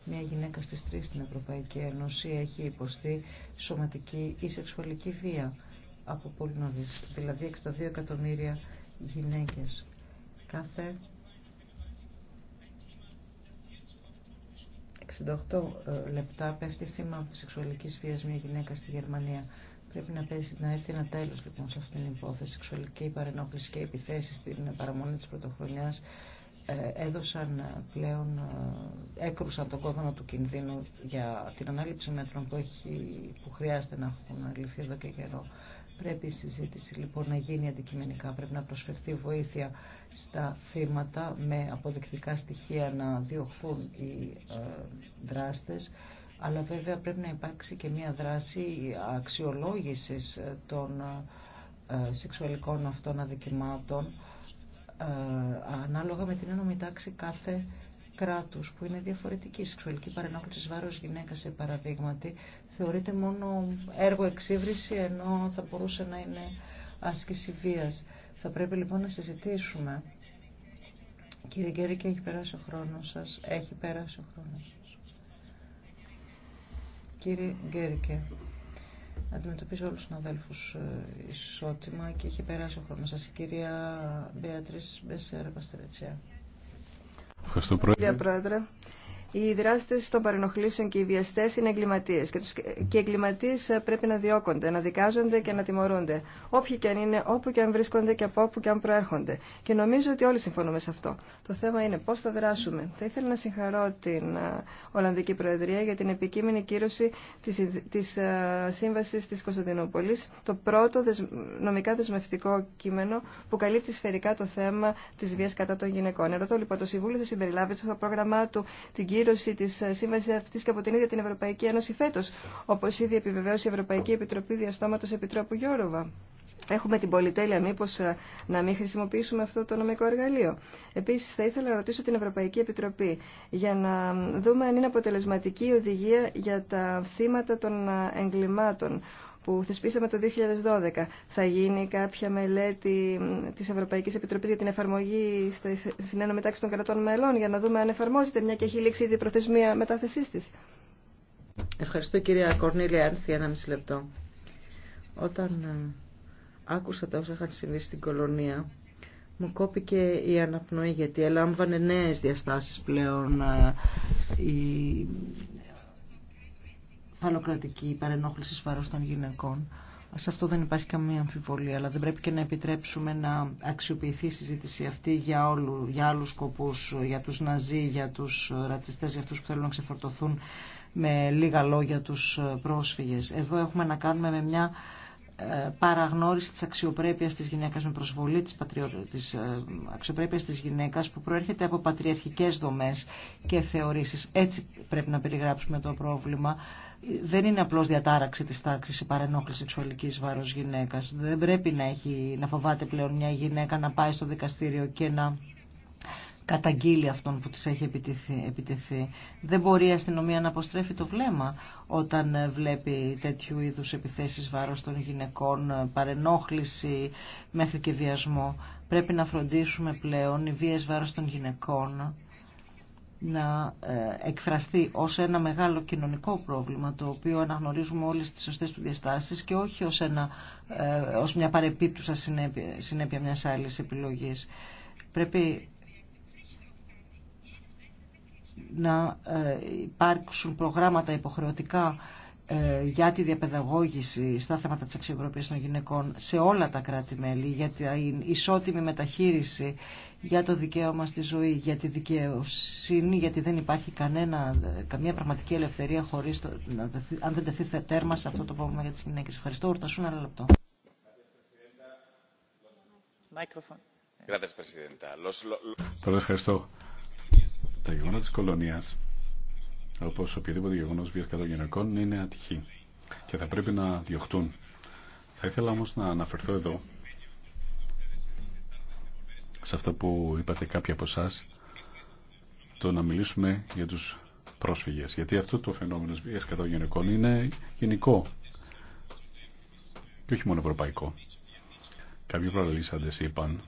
S5: Μια γυναίκα στις τρεις στην Ευρωπαϊκή Ένωση έχει υποστεί σωματική ή σεξουαλική βία από πολύ νωρίς, δηλαδή 62 εκατομμύρια γυναίκες. Κάθε 68 ε, λεπτά πέφτει θύμα σεξουαλικής βίας μια γυναίκα στη Γερμανία. Πρέπει να, πέσει, να έρθει ένα τέλος λοιπόν σε αυτήν την υπόθεση. Σεξουαλική παρενόχληση και επιθέσεις στην παραμονή της πρωτοχρονιάς ε, έδωσαν πλέον, ε, έκρουσαν το κόδωνα του κινδύνου για την ανάληψη μέτρων που, έχει, που χρειάζεται να έχουν ληφθεί εδώ και καιρό. Πρέπει η συζήτηση λοιπόν να γίνει αντικειμενικά, πρέπει να προσφερθεί βοήθεια στα θύματα με αποδεικτικά στοιχεία να διωχθούν οι ε, δράστες αλλά βέβαια πρέπει να υπάρξει και μια δράση αξιολόγησης των σεξουαλικών αυτών αδικημάτων ε, ανάλογα με την ένωμη τάξη κάθε κράτους που είναι διαφορετική η σεξουαλική παρενόχληση βάρος γυναίκας παραδείγματι θεωρείται μόνο έργο εξύβριση ενώ θα μπορούσε να είναι άσκηση βίας. Θα πρέπει λοιπόν να συζητήσουμε. Κύριε και έχει περάσει ο χρόνος σας. Έχει περάσει ο χρόνος σας. Κύριε Γκέρικε αντιμετωπίζω όλους τους ε, ισότιμα και έχει περάσει ο χρόνος σας. Η κυρία
S4: Μπέατρης Μπεσέρα Παστερετσιά. Ευχαριστώ, Πρόεδρε. Οι δράστε των παρενοχλήσεων και οι βιαστέ είναι εγκληματίες και, οι εγκληματίε ε, πρέπει να διώκονται, να δικάζονται και να τιμωρούνται. Όποιοι και αν είναι, όπου και αν βρίσκονται και από όπου και αν προέρχονται. Και νομίζω ότι όλοι συμφωνούμε σε αυτό. Το θέμα είναι πώ θα δράσουμε. Θα ήθελα να συγχαρώ την ε, Ολλανδική Προεδρία για την επικείμενη κύρωση τη σύμβαση ε, Σύμβασης της το πρώτο νομικά δεσμευτικό κείμενο που καλύπτει σφαιρικά το θέμα τη βία κατά των γυναικών. Ερωτώ λοιπόν το Συμβούλιο θα συμπεριλάβει στο πρόγραμμά του κλήρωση τη ε, σύμβαση αυτή και από την ίδια την Ευρωπαϊκή Ένωση φέτο, όπω ήδη επιβεβαίωσε η Ευρωπαϊκή Επιτροπή Διαστόματο Επιτρόπου Γιώροβα. Έχουμε την πολυτέλεια μήπω ε, να μην χρησιμοποιήσουμε αυτό το νομικό εργαλείο. Επίση, θα ήθελα να ρωτήσω την Ευρωπαϊκή Επιτροπή για να δούμε αν είναι αποτελεσματική η οδηγία για τα θύματα των ε, εγκλημάτων που θεσπίσαμε το 2012. Θα γίνει κάποια μελέτη της Ευρωπαϊκής Επιτροπής για την εφαρμογή στην Ένωμη μεταξύ των κρατών μελών για να δούμε αν εφαρμόζεται μια και έχει λήξει ήδη προθεσμία μετάθεσής της.
S5: Ευχαριστώ κυρία Κορνίλια Άνστη για ένα μισή λεπτό. Όταν ε, άκουσα τα όσα είχαν συμβεί στην κολονία μου κόπηκε η αναπνοή γιατί έλαμβανε νέες διαστάσεις πλέον ε, η φαλοκρατική παρενόχληση σφαρός των γυναικών. Σε αυτό δεν υπάρχει καμία αμφιβολία, αλλά δεν πρέπει και να επιτρέψουμε να αξιοποιηθεί η συζήτηση αυτή για, όλου, για άλλους σκοπούς, για τους ναζί, για τους ρατσιστές, για αυτούς που θέλουν να ξεφορτωθούν με λίγα λόγια τους πρόσφυγες. Εδώ έχουμε να κάνουμε με μια ε, παραγνώριση της αξιοπρέπειας της γυναίκας με προσβολή της, πατριο... της ε, αξιοπρέπειας της γυναίκας που προέρχεται από πατριαρχικές δομές και θεωρήσεις. Έτσι πρέπει να περιγράψουμε το πρόβλημα. Δεν είναι απλώς διατάραξη της τάξης η παρενόχληση σεξουαλικής βάρος γυναίκας. Δεν πρέπει να, έχει, να φοβάται πλέον μια γυναίκα να πάει στο δικαστήριο και να καταγγείλει αυτόν που της έχει επιτεθεί. Δεν μπορεί η αστυνομία να αποστρέφει το βλέμμα όταν βλέπει τέτοιου είδους επιθέσεις βάρος των γυναικών, παρενόχληση μέχρι και βιασμό. Πρέπει να φροντίσουμε πλέον οι βίες βάρος των γυναικών να ε, εκφραστεί ως ένα μεγάλο κοινωνικό πρόβλημα το οποίο αναγνωρίζουμε όλες τις σωστές του διαστάσεις και όχι ως, ένα, ε, ως μια παρεπίπτουσα συνέπεια, συνέπεια μιας άλλης επιλογής. Πρέπει να ε, υπάρξουν προγράμματα υποχρεωτικά ε, για τη διαπαιδαγώγηση στα θέματα της αξιοπρέπειας των γυναικών σε όλα τα κράτη-μέλη, για την ισότιμη μεταχείριση, για το δικαίωμα στη ζωή, για τη δικαιοσύνη, γιατί δεν υπάρχει κανένα, καμία πραγματική ελευθερία χωρίς το, αν δεν τεθεί τέρμα σε αυτό το πρόβλημα για τις γυναίκες. Ευχαριστώ. Ορτασούν ένα λεπτό.
S6: ευχαριστώ. Τα γεγονότα της κολονίας, όπως οποιοδήποτε γεγονός βίας κατά γυναικών, είναι ατυχή και θα πρέπει να διωχτούν. Θα ήθελα όμως να αναφερθώ εδώ σε αυτό που είπατε κάποιοι από εσά, το να μιλήσουμε για τους πρόσφυγες. Γιατί αυτό το φαινόμενο βίας κατά γυναικών είναι γενικό και όχι μόνο ευρωπαϊκό. Κάποιοι προαλήσαντες είπαν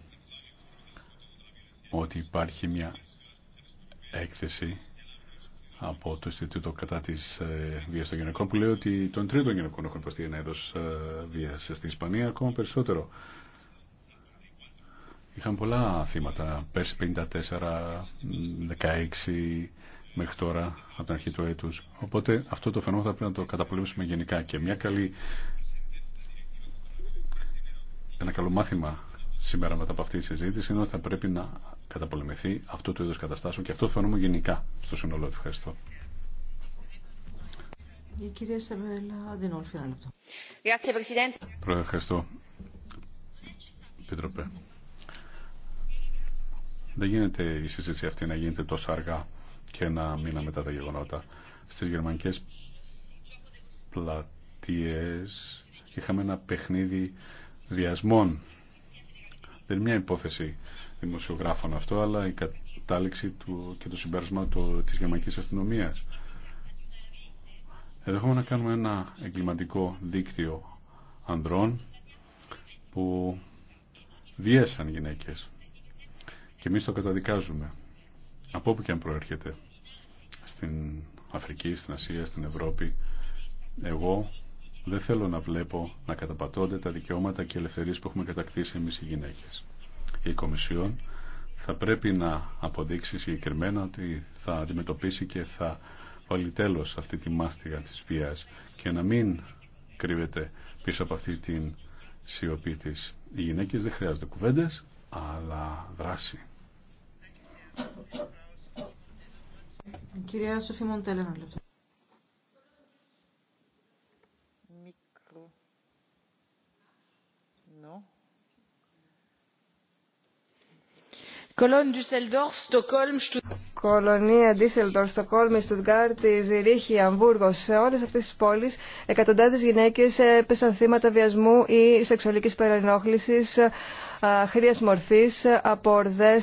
S6: ότι υπάρχει μια έκθεση από το Ινστιτούτο κατά τη ε, βία των γυναικών που λέει ότι των τρίτων γυναικών έχουν υποστεί ένα είδο ε, βία στην Ισπανία ακόμα περισσότερο. Είχαν πολλά θύματα, πέρσι 54, 16 μέχρι τώρα από την αρχή του έτου. Οπότε αυτό το φαινόμενο θα πρέπει να το καταπολεμήσουμε γενικά και μια καλή. Ένα καλό μάθημα σήμερα μετά από αυτή τη συζήτηση είναι ότι θα πρέπει να καταπολεμηθεί αυτό το είδος καταστάσεων και αυτό φαινόμενο γενικά στο σύνολό Ευχαριστώ. ευχαριστώ. Επιτροπέ. Δεν γίνεται η συζήτηση αυτή να γίνεται τόσο αργά και ένα μήνα μετά τα γεγονότα. Στις γερμανικές πλατείες είχαμε ένα παιχνίδι διασμών δεν είναι μια υπόθεση δημοσιογράφων αυτό, αλλά η κατάληξη του και το συμπέρασμα του, της γερμανικής αστυνομίας. Εδώ έχουμε να κάνουμε ένα εγκληματικό δίκτυο ανδρών που διέσαν γυναίκες. Και εμείς το καταδικάζουμε. Από όπου και αν προέρχεται. Στην Αφρική, στην Ασία, στην Ευρώπη. Εγώ δεν θέλω να βλέπω να καταπατώνται τα δικαιώματα και ελευθερίες που έχουμε κατακτήσει εμείς οι γυναίκες. Η Κομισιόν θα πρέπει να αποδείξει συγκεκριμένα ότι θα αντιμετωπίσει και θα βάλει τέλος αυτή τη μάστιγα της βίας και να μην κρύβεται πίσω από αυτή την σιωπή της. Οι γυναίκες δεν χρειάζονται κουβέντες, αλλά δράση.
S5: Κυρία
S4: Κολονία, Ντίσελτορ, Στοκόλμη, Στουτγκάρτη, Ζηρίχη, Αμβούργο. Σε όλε αυτέ τι πόλει εκατοντάδε γυναίκε έπεσαν θύματα βιασμού ή σεξουαλική παρενόχληση χρήα μορφή από ορδέ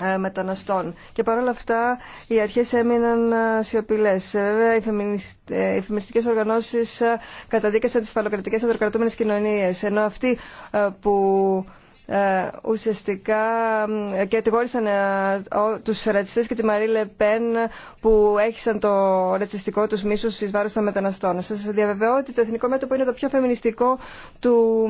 S4: ε, μεταναστών. Και παρόλα αυτά οι αρχές έμειναν ε, σιωπηλές. Βέβαια οι ε, φεμινιστικές οργανώσεις καταδίκασαν τις φαλοκρατικές αντροκρατούμενες κοινωνίες, ενώ αυτοί που ουσιαστικά και κατηγόρησαν τους ρατσιστές και τη Μαρίλε Πέν που έχησαν το ρατσιστικό τους μίσους εις βάρος των μεταναστών. Σας διαβεβαιώ ότι το Εθνικό Μέτωπο είναι το πιο φεμινιστικό του,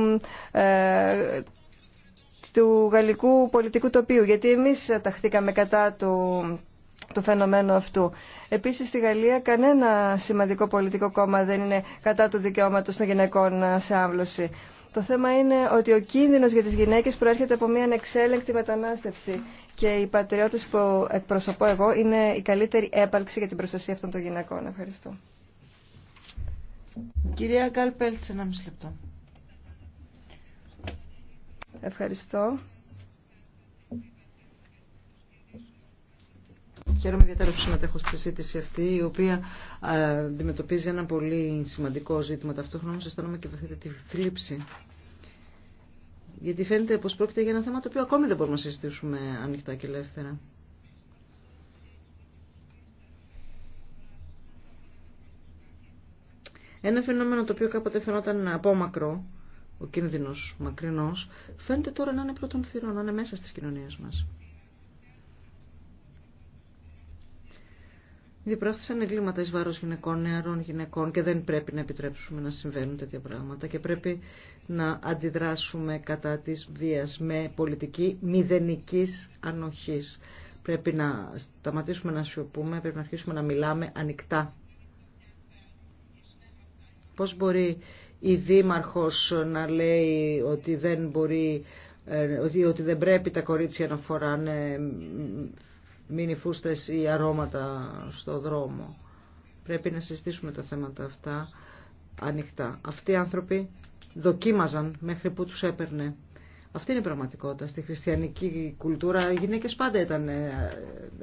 S4: του γαλλικού πολιτικού τοπίου, γιατί εμείς ταχθήκαμε κατά του, το φαινομένου αυτού. Επίσης στη Γαλλία κανένα σημαντικό πολιτικό κόμμα δεν είναι κατά του δικαιώματος των γυναικών σε άμβλωση. Το θέμα είναι ότι ο κίνδυνος για τις γυναίκες προέρχεται από μια ανεξέλεγκτη μετανάστευση και οι πατριώτες που εκπροσωπώ εγώ είναι η καλύτερη έπαρξη για την προστασία αυτών των γυναικών. Ευχαριστώ. Κυρία Καλπέλτσε, ένα μισή λεπτό. Ευχαριστώ.
S5: Χαίρομαι ιδιαίτερα που συμμετέχω στη συζήτηση αυτή, η οποία ε, αντιμετωπίζει ένα πολύ σημαντικό ζήτημα. Ταυτόχρονα όμως αισθάνομαι και βαθύτερη τη θλίψη. Γιατί φαίνεται πως πρόκειται για ένα θέμα το οποίο ακόμη δεν μπορούμε να συζητήσουμε ανοιχτά και ελεύθερα. Ένα φαινόμενο το οποίο κάποτε φαινόταν απόμακρο, ο κίνδυνος μακρινός, φαίνεται τώρα να είναι πρώτον θυρό, να είναι μέσα στις κοινωνίες μας. Διπράχθησαν εγκλήματα εις βάρος γυναικών, νεαρών γυναικών και δεν πρέπει να επιτρέψουμε να συμβαίνουν τέτοια πράγματα και πρέπει να αντιδράσουμε κατά της βίας με πολιτική μηδενικής ανοχής. Πρέπει να σταματήσουμε να σιωπούμε, πρέπει να αρχίσουμε να μιλάμε ανοιχτά. Πώς μπορεί η δήμαρχος να λέει ότι δεν μπορεί ε, ότι, ότι δεν πρέπει τα κορίτσια να φοράνε μίνι φούστες ή αρώματα στο δρόμο. Πρέπει να συζητήσουμε τα θέματα αυτά ανοιχτά. Αυτοί οι άνθρωποι δοκίμαζαν μέχρι που τους έπαιρνε. Αυτή είναι η πραγματικότητα. Στη χριστιανική κουλτούρα οι γυναίκες πάντα ήταν, ε,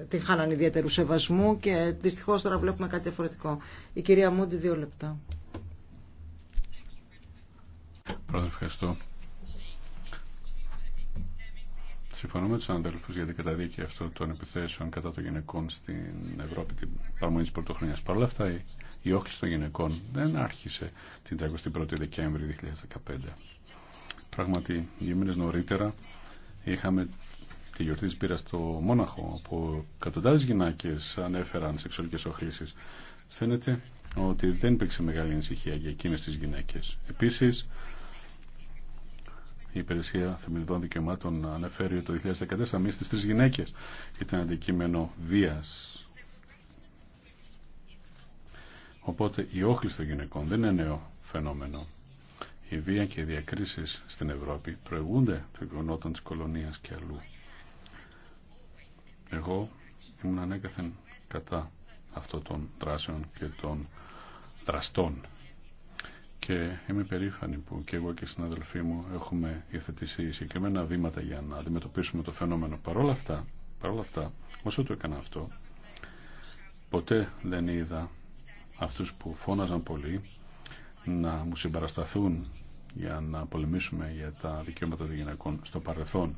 S5: την χάναν ιδιαίτερου σεβασμού και δυστυχώς τώρα βλέπουμε κάτι διαφορετικό. Η κυρία Μούντι δύο λεπτά.
S6: Πρόεδρε, ευχαριστώ. Συμφωνώ με του αδελφού για την καταδίκη αυτών των επιθέσεων κατά των γυναικών στην Ευρώπη την παραμονή τη Πρωτοχρονιά. Παρ' όλα αυτά, η όχληση των γυναικών δεν άρχισε την 31η Δεκέμβρη 2015. Πράγματι, δύο μήνε νωρίτερα είχαμε τη γιορτή τη πύρα στο Μόναχο, όπου εκατοντάδε γυναίκε ανέφεραν σεξουαλικέ οχλήσει. Φαίνεται ότι δεν υπήρξε μεγάλη ανησυχία για εκείνε τι γυναίκε. Επίση, η Υπηρεσία Θεμελιδών Δικαιωμάτων αναφέρει ότι το 2014 μία στις τρεις γυναίκες ήταν αντικείμενο βίας. Οπότε η όχληση των γυναικών δεν είναι νέο φαινόμενο. Η βία και οι διακρίσεις στην Ευρώπη προηγούνται των γεγονότων της κολονίας και αλλού. Εγώ ήμουν ανέκαθεν κατά αυτών των δράσεων και των δραστών και είμαι περήφανη που και εγώ και οι συναδελφοί μου έχουμε υιοθετήσει συγκεκριμένα βήματα για να αντιμετωπίσουμε το φαινόμενο. Παρ' όλα αυτά, παρόλα αυτά όσο το έκανα αυτό, ποτέ δεν είδα αυτούς που φώναζαν πολύ να μου συμπαρασταθούν για να πολεμήσουμε για τα δικαιώματα των γυναικών στο παρελθόν.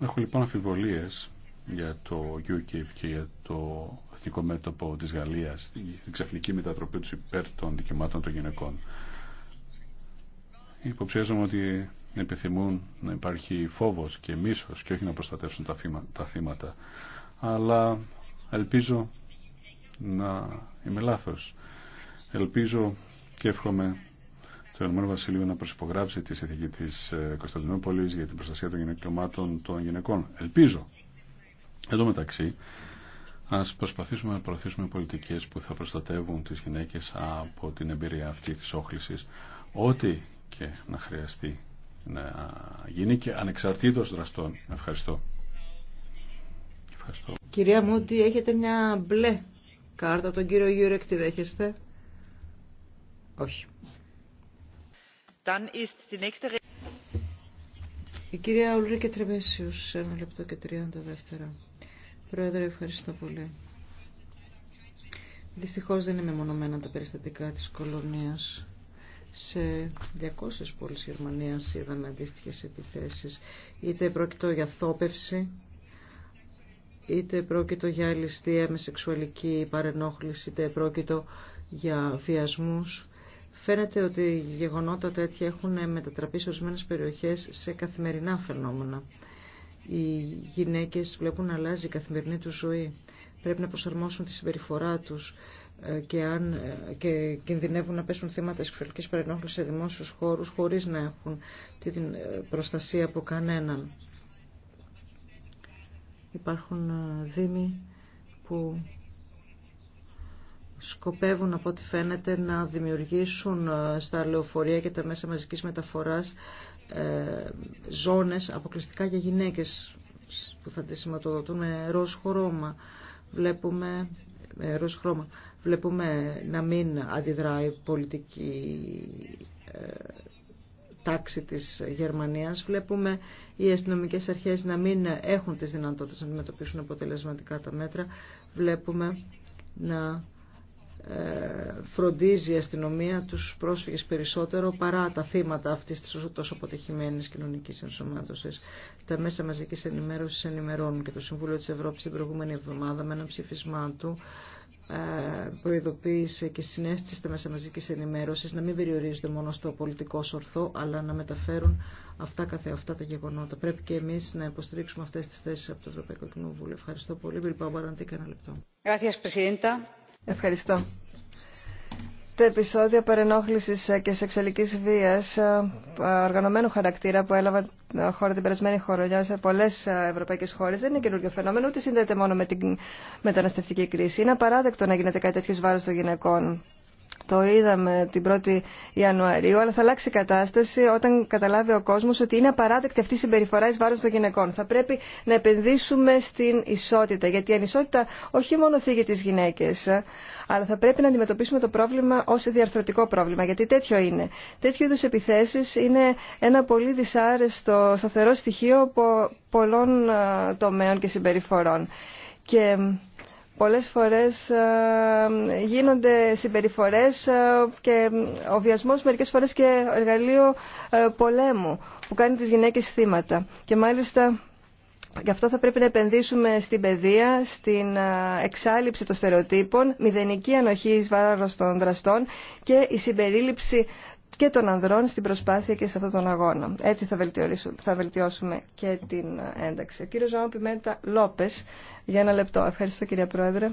S6: Έχω λοιπόν αμφιβολίες για το UKIP και για το εθνικό μέτωπο της Γαλλίας την ξαφνική μετατροπή τους υπέρ των δικαιωμάτων των γυναικών. Υποψιάζομαι ότι επιθυμούν να υπάρχει φόβος και μίσος και όχι να προστατεύσουν τα θύματα. Αλλά ελπίζω να είμαι λάθος. Ελπίζω και εύχομαι το Ηνωμένο Βασίλειο να προσυπογράψει τη συνθήκη της ε, Κωνσταντινούπολης για την προστασία των γυναικών των γυναικών. Ελπίζω Εν τω μεταξύ, ας προσπαθήσουμε να προωθήσουμε πολιτικέ που θα προστατεύουν τις γυναίκες από την εμπειρία αυτή της όχληση, ό,τι και να χρειαστεί να γίνει και ανεξαρτήτως δραστών. Ευχαριστώ. Ευχαριστώ.
S5: Κυρία Μούντι, έχετε μια μπλε κάρτα από τον κύριο Γιούρεκ, τη δέχεστε. Όχι. Η κυρία Ουλρίκε Τρεμέσιους, ένα λεπτό και τριάντα δεύτερα. Πρόεδρε, ευχαριστώ πολύ. Δυστυχώς δεν είναι μεμονωμένα τα περιστατικά της κολονίας. Σε 200 πόλεις Γερμανίας είδαμε αντίστοιχε επιθέσεις. Είτε πρόκειτο για θόπευση, είτε πρόκειτο για ληστεία με σεξουαλική παρενόχληση, είτε πρόκειτο για βιασμούς. Φαίνεται ότι γεγονότα τέτοια έχουν μετατραπεί σε ορισμένε περιοχές σε καθημερινά φαινόμενα. Οι γυναίκες βλέπουν να αλλάζει η καθημερινή τους ζωή. Πρέπει να προσαρμόσουν τη συμπεριφορά τους ε, και, αν, ε, και κινδυνεύουν να πέσουν θύματα σεξουαλικής παρενόχλησης σε δημόσιους χώρους χωρίς να έχουν την ε, προστασία από κανέναν. Υπάρχουν δήμοι που σκοπεύουν από ό,τι φαίνεται να δημιουργήσουν στα λεωφορεία και τα μέσα μαζικής μεταφοράς ε, ζώνες αποκλειστικά για γυναίκες που θα τις σηματοδοτούν με ροζ χρώμα. Βλέπουμε, ροζ χρώμα. Βλέπουμε να μην αντιδράει η πολιτική ε, τάξη της Γερμανίας. Βλέπουμε οι αστυνομικέ αρχές να μην έχουν τις δυνατότητες να αντιμετωπίσουν αποτελεσματικά τα μέτρα. Βλέπουμε να ε, φροντίζει η αστυνομία τους πρόσφυγες περισσότερο παρά τα θύματα αυτής της τόσο αποτυχημένης κοινωνικής ενσωμάτωσης. Τα μέσα μαζικής ενημέρωσης ενημερώνουν και το Συμβούλιο της Ευρώπης την προηγούμενη εβδομάδα με ένα ψήφισμά του ε, προειδοποίησε και συνέστησε τα μέσα μαζικής ενημέρωσης να μην περιορίζονται μόνο στο πολιτικό σορθό αλλά να μεταφέρουν αυτά κάθε αυτά τα γεγονότα. Πρέπει και εμείς να υποστηρίξουμε αυτές τις θέσεις από το Ευρωπαϊκό Κοινοβούλιο. Ευχαριστώ
S4: πολύ. Μπαραντή, ένα λεπτό. Ευχαριστώ. Τα επεισόδια παρενόχλησης και σεξουαλικής βίας ε, οργανωμένου χαρακτήρα που έλαβαν ε, χώρα την περασμένη χρονιά σε πολλές ε, ευρωπαϊκές χώρες δεν είναι καινούργιο φαινόμενο, ούτε συνδέεται μόνο με την μεταναστευτική κρίση. Είναι απαράδεκτο να γίνεται κάτι τέτοιο βάρος των γυναικών. Το είδαμε την 1η Ιανουαρίου, αλλά θα αλλάξει η κατάσταση όταν καταλάβει ο κόσμο ότι είναι απαράδεκτη αυτή η συμπεριφορά ει βάρο των γυναικών. Θα πρέπει να επενδύσουμε στην ισότητα, γιατί η ανισότητα όχι μόνο θίγει τι γυναίκε, αλλά θα πρέπει να αντιμετωπίσουμε το πρόβλημα ω διαρθρωτικό πρόβλημα, γιατί τέτοιο είναι. Τέτοιου είδου επιθέσει είναι ένα πολύ δυσάρεστο σταθερό στοιχείο πολλών ε, τομέων και συμπεριφορών. Και πολλές φορές ε, γίνονται συμπεριφορές ε, και ο βιασμός μερικές φορές και εργαλείο ε, πολέμου που κάνει τις γυναίκες θύματα. Και μάλιστα γι' αυτό θα πρέπει να επενδύσουμε στην παιδεία, στην εξάλληψη των στερεοτύπων, μηδενική ανοχή εις των δραστών και η συμπερίληψη και των ανδρών στην προσπάθεια και σε αυτόν τον αγώνα. Έτσι θα, θα βελτιώσουμε και την ένταξη. Ο κύριος Ζωάν Πιμέντα Λόπες, για ένα λεπτό. Ευχαριστώ κύριε Πρόεδρε.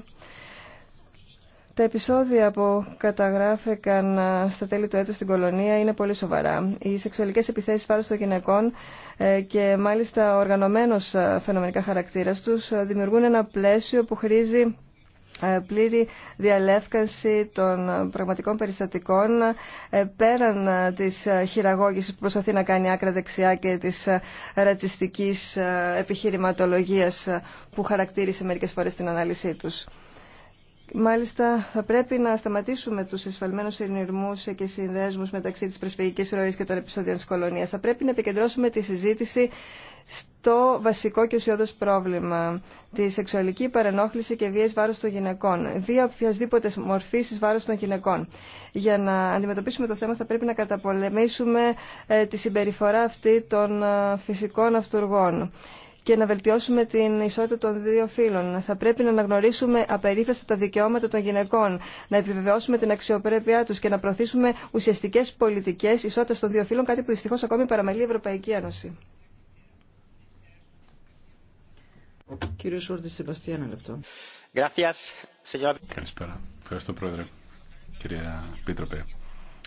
S4: Τα επεισόδια που καταγράφηκαν ε, στα τέλη του έτους στην Κολονία είναι πολύ σοβαρά. Οι σεξουαλικές επιθέσεις βάρος των γυναικών ε, και μάλιστα ο οργανωμένος ε, φαινομενικά χαρακτήρας τους δημιουργούν ένα πλαίσιο που χρήζει ε, πλήρη διαλεύκανση των πραγματικών περιστατικών ε, πέραν ε, της χειραγώγησης που προσπαθεί να κάνει άκρα δεξιά και της ρατσιστικής επιχειρηματολογίας που χαρακτήρισε μερικές φορές την ανάλυση τους. Μάλιστα, θα πρέπει να σταματήσουμε του εσφαλμένου συνειρμού και συνδέσμου μεταξύ τη προσφυγική ροή και των επεισόδιων τη κολονία. Θα πρέπει να επικεντρώσουμε τη συζήτηση στο βασικό και ουσιώδε πρόβλημα, τη σεξουαλική παρενόχληση και βία βάρο των γυναικών. Βία οποιασδήποτε μορφή ει βάρο των γυναικών. Για να αντιμετωπίσουμε το θέμα, θα πρέπει να καταπολεμήσουμε ε, τη συμπεριφορά αυτή των ε, φυσικών αυτούργων και να βελτιώσουμε την ισότητα των δύο φύλων. Θα πρέπει να αναγνωρίσουμε απερίφραστα τα δικαιώματα των γυναικών, να επιβεβαιώσουμε την αξιοπρέπειά του και να προωθήσουμε ουσιαστικέ πολιτικέ ισότητα των δύο φύλων, κάτι που δυστυχώ ακόμη παραμελεί η Ευρωπαϊκή Ένωση.
S5: Σούρτη, Σεβαστία, ένα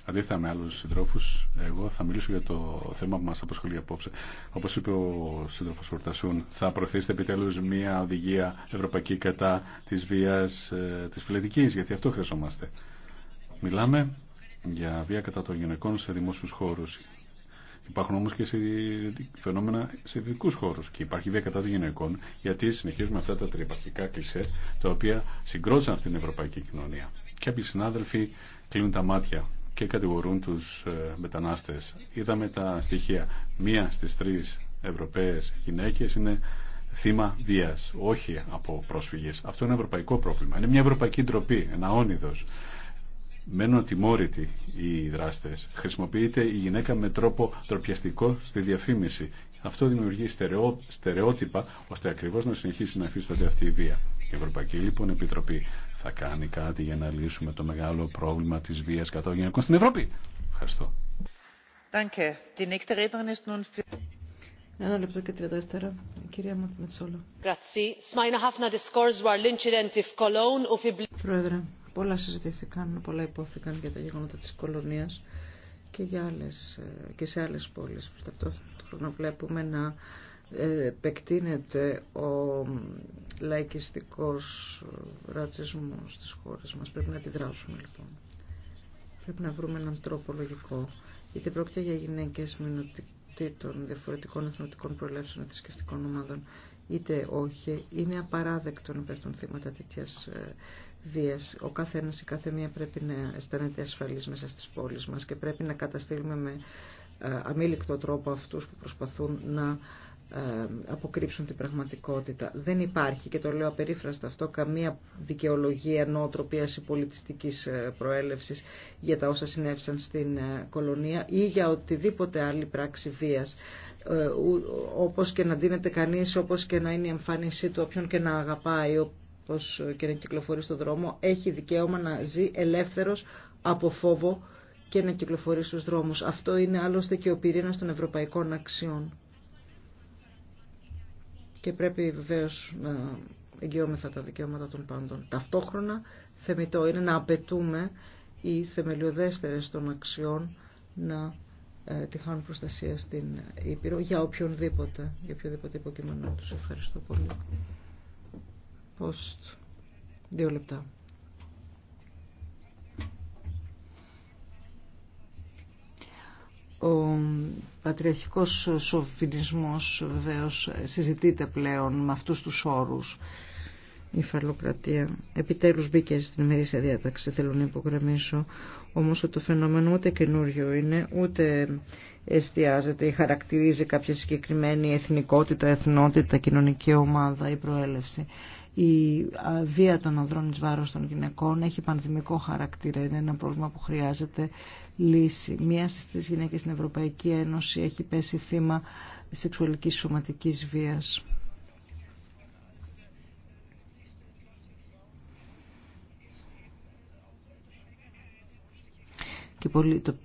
S6: Αντίθετα με άλλου συντρόφου, εγώ θα μιλήσω για το θέμα που μα απασχολεί απόψε. Όπω είπε ο σύντροφο Φορτασούν, θα προωθήσετε επιτέλου μια οδηγία ευρωπαϊκή κατά τη βία ε, τη φυλετική, γιατί αυτό χρειαζόμαστε. Μιλάμε για βία κατά των γυναικών σε δημόσιου χώρου. Υπάρχουν όμω και φαινόμενα σε ειδικού χώρου. Και υπάρχει βία κατά των γυναικών, γιατί συνεχίζουμε αυτά τα τριπαρχικά κλισέ, τα οποία συγκρότησαν αυτή την ευρωπαϊκή κοινωνία. Κάποιοι συνάδελφοι κλείνουν τα μάτια και κατηγορούν τους ε, μετανάστες. Είδαμε τα στοιχεία. Μία στις τρεις Ευρωπαίες γυναίκες είναι θύμα βίας, όχι από πρόσφυγες. Αυτό είναι ευρωπαϊκό πρόβλημα. Είναι μια ευρωπαϊκή ντροπή, ένα όνειδος μένουν τιμώρητοι οι δράστες. Χρησιμοποιείται η γυναίκα με τρόπο τροπιαστικό στη διαφήμιση. Αυτό δημιουργεί στερεό, στερεότυπα ώστε ακριβώς να συνεχίσει να υφίσταται αυτή η βία. Η Ευρωπαϊκή λοιπόν Επιτροπή θα κάνει κάτι για να λύσουμε το μεγάλο πρόβλημα της βίας κατά των γυναικών στην Ευρώπη. Ευχαριστώ.
S5: Ένα Κυρία Πρόεδρε, πολλά συζητήθηκαν, πολλά υπόθηκαν για τα γεγονότα της κολονίας και, για άλλες, ε, και σε άλλες πόλεις. χρόνο βλέπουμε να ε, επεκτείνεται ο λαϊκιστικός ε, ρατσισμός στις χώρες μας. Πρέπει να αντιδράσουμε λοιπόν. Πρέπει να βρούμε έναν τρόπο λογικό. Γιατί πρόκειται για γυναίκες των διαφορετικών εθνοτικών προελεύσεων, θρησκευτικών ομάδων είτε όχι, είναι απαράδεκτο να πέφτουν θύματα τέτοια ε, βία. Ο καθένα ή κάθε μία πρέπει να αισθάνεται ασφαλή μέσα στι πόλει μα και πρέπει να καταστήλουμε με ε, αμήλικτο τρόπο αυτού που προσπαθούν να ε, αποκρύψουν την πραγματικότητα. Δεν υπάρχει, και το λέω απερίφραστα αυτό, καμία δικαιολογία νοοτροπίας ή πολιτιστικής ε, προέλευσης για τα όσα συνέβησαν στην ε, κολονία ή για οτιδήποτε άλλη πράξη βίας. Όπως και να δίνεται κανείς, όπως και να είναι η εμφάνισή του, όποιον και να αγαπάει, όπως και να κυκλοφορεί στον δρόμο, έχει δικαίωμα να ζει ελεύθερος από φόβο και να κυκλοφορεί στους δρόμους. Αυτό είναι άλλωστε και ο πυρήνας των ευρωπαϊκών αξιών και πρέπει βεβαίως να εγγυόμεθα τα δικαιώματα των πάντων. Ταυτόχρονα θεμητό είναι να απαιτούμε οι θεμελιωδέστερες των αξιών να ε, τη προστασία στην Ήπειρο για οποιονδήποτε, για οποιοδήποτε υποκείμενο τους. Ευχαριστώ πολύ. Post. Δύο λεπτά. Ο πατριαρχικός σοφινισμός βεβαίως συζητείται πλέον με αυτούς τους όρους. Η φαλοκρατία επιτέλους μπήκε στην ημερήσια διάταξη, θέλω να υπογραμμίσω. Όμως το φαινόμενο ούτε καινούριο είναι, ούτε εστιάζεται ή χαρακτηρίζει κάποια συγκεκριμένη εθνικότητα, εθνότητα, κοινωνική ομάδα ή προέλευση. Η βία των ανδρών εις βάρος των γυναικών έχει πανδημικό χαρακτήρα, είναι ένα πρόβλημα που χρειάζεται λύση. Μία στις τρεις γυναίκες στην Ευρωπαϊκή Ένωση έχει πέσει θύμα σεξουαλικής σωματικής βίας. Και πολύ, το,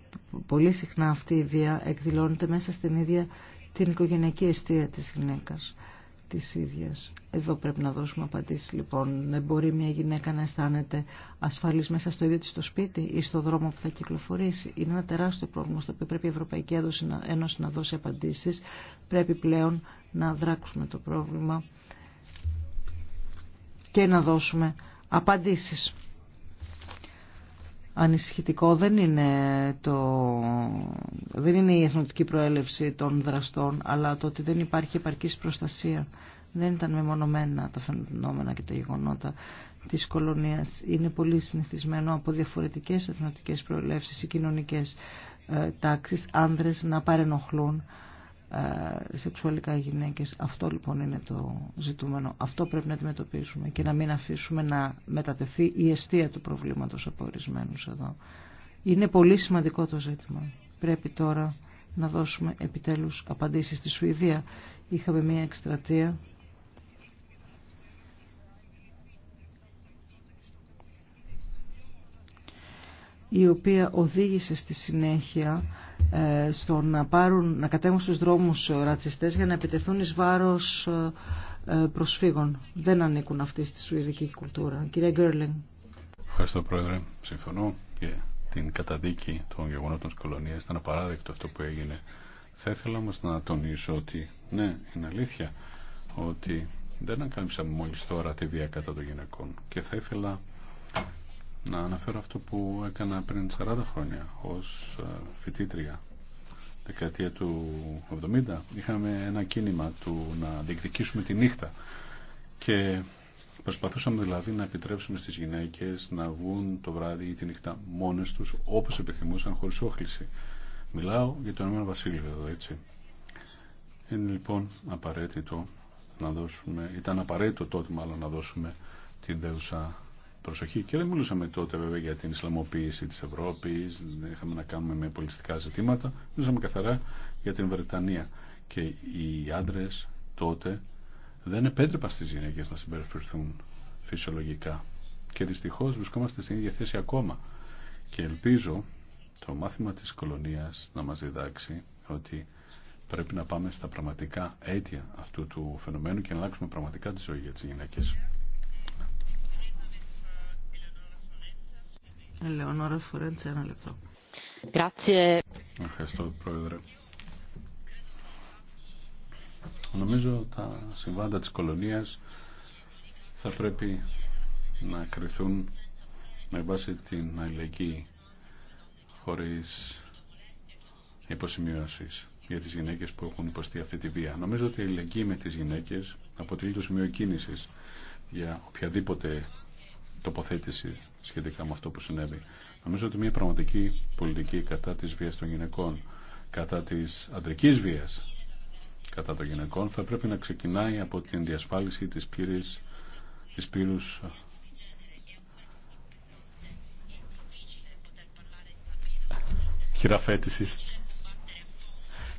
S5: πολύ συχνά αυτή η βία εκδηλώνεται μέσα στην ίδια την οικογενειακή αιστεία της γυναίκας. Εδώ πρέπει να δώσουμε απαντήσεις λοιπόν. Δεν ναι, μπορεί μια γυναίκα να αισθάνεται ασφαλής μέσα στο ίδιο της το σπίτι ή στο δρόμο που θα κυκλοφορήσει. Είναι ένα τεράστιο πρόβλημα στο οποίο πρέπει η Ευρωπαϊκή Ένωση να δώσει απαντήσεις. Πρέπει πλέον να δράξουμε το πρόβλημα και να δώσουμε απαντήσεις ανησυχητικό δεν είναι, το, δεν είναι η εθνοτική προέλευση των δραστών, αλλά το ότι δεν υπάρχει επαρκής προστασία. Δεν ήταν μεμονωμένα τα φαινόμενα και τα γεγονότα της κολονίας. Είναι πολύ συνηθισμένο από διαφορετικές εθνοτικές προελεύσεις ή κοινωνικές ε, τάξεις άνδρες να παρενοχλούν ε, σεξουαλικά οι γυναίκες. Αυτό λοιπόν είναι το ζητούμενο. Αυτό πρέπει να αντιμετωπίσουμε και να μην αφήσουμε να μετατεθεί η αιστεία του προβλήματος από ορισμένου εδώ. Είναι πολύ σημαντικό το ζήτημα. Πρέπει τώρα να δώσουμε επιτέλους απαντήσεις στη Σουηδία. Είχαμε μια εκστρατεία η οποία οδήγησε στη συνέχεια ε, στο να, πάρουν, να κατέβουν στους δρόμους ρατσιστές για να επιτεθούν εις βάρος ε, ε, προσφύγων. Δεν ανήκουν αυτοί στη σουηδική κουλτούρα. Κυρία Γκέρλινγκ.
S6: Ευχαριστώ Πρόεδρε. Συμφωνώ και την καταδίκη των γεγονότων της κολονίας. Ήταν απαράδεκτο αυτό που έγινε. Θα ήθελα όμως να τονίσω ότι ναι, είναι αλήθεια ότι δεν ανακάλυψαμε μόλις τώρα τη βία κατά των γυναικών και θα ήθελα να αναφέρω αυτό που έκανα πριν 40 χρόνια ως ε, φοιτήτρια δεκαετία του 70 είχαμε ένα κίνημα του να διεκδικήσουμε τη νύχτα και προσπαθούσαμε δηλαδή να επιτρέψουμε στις γυναίκες να βγουν το βράδυ ή τη νύχτα μόνες τους όπως επιθυμούσαν χωρίς όχληση μιλάω για τον Ηνωμένο Βασίλειο εδώ έτσι είναι λοιπόν απαραίτητο να δώσουμε, ήταν απαραίτητο τότε μάλλον να δώσουμε την δέουσα προσοχή και δεν μιλούσαμε τότε βέβαια για την Ισλαμοποίηση της Ευρώπης, δεν είχαμε να κάνουμε με πολιτιστικά ζητήματα, μιλούσαμε καθαρά για την Βρετανία. Και οι άντρε τότε δεν επέτρεπαν στις γυναίκες να συμπεριφερθούν φυσιολογικά. Και δυστυχώ βρισκόμαστε στην ίδια θέση ακόμα. Και ελπίζω το μάθημα της κολονίας να μας διδάξει ότι πρέπει να πάμε στα πραγματικά αίτια αυτού του φαινομένου και να αλλάξουμε πραγματικά τη ζωή για τις γυναίκες.
S5: Ελεονόρα Φορέντσε, ένα λεπτό.
S6: Ευχαριστώ, Πρόεδρε. Νομίζω τα συμβάντα της κολονίας θα πρέπει να κρυθούν με βάση την αλληλεγγύη χωρίς υποσημειώσεις για τις γυναίκες που έχουν υποστεί αυτή τη βία. Νομίζω ότι η αλληλεγγύη με τις γυναίκες αποτελεί το σημείο κίνησης για οποιαδήποτε τοποθέτηση σχετικά με αυτό που συνέβη. Νομίζω ότι μια πραγματική πολιτική κατά της βίας των γυναικών, κατά της αντρικής βίας κατά των γυναικών θα πρέπει να ξεκινάει από την διασφάλιση της πύρης, της πύρους ε, χειραφέτησης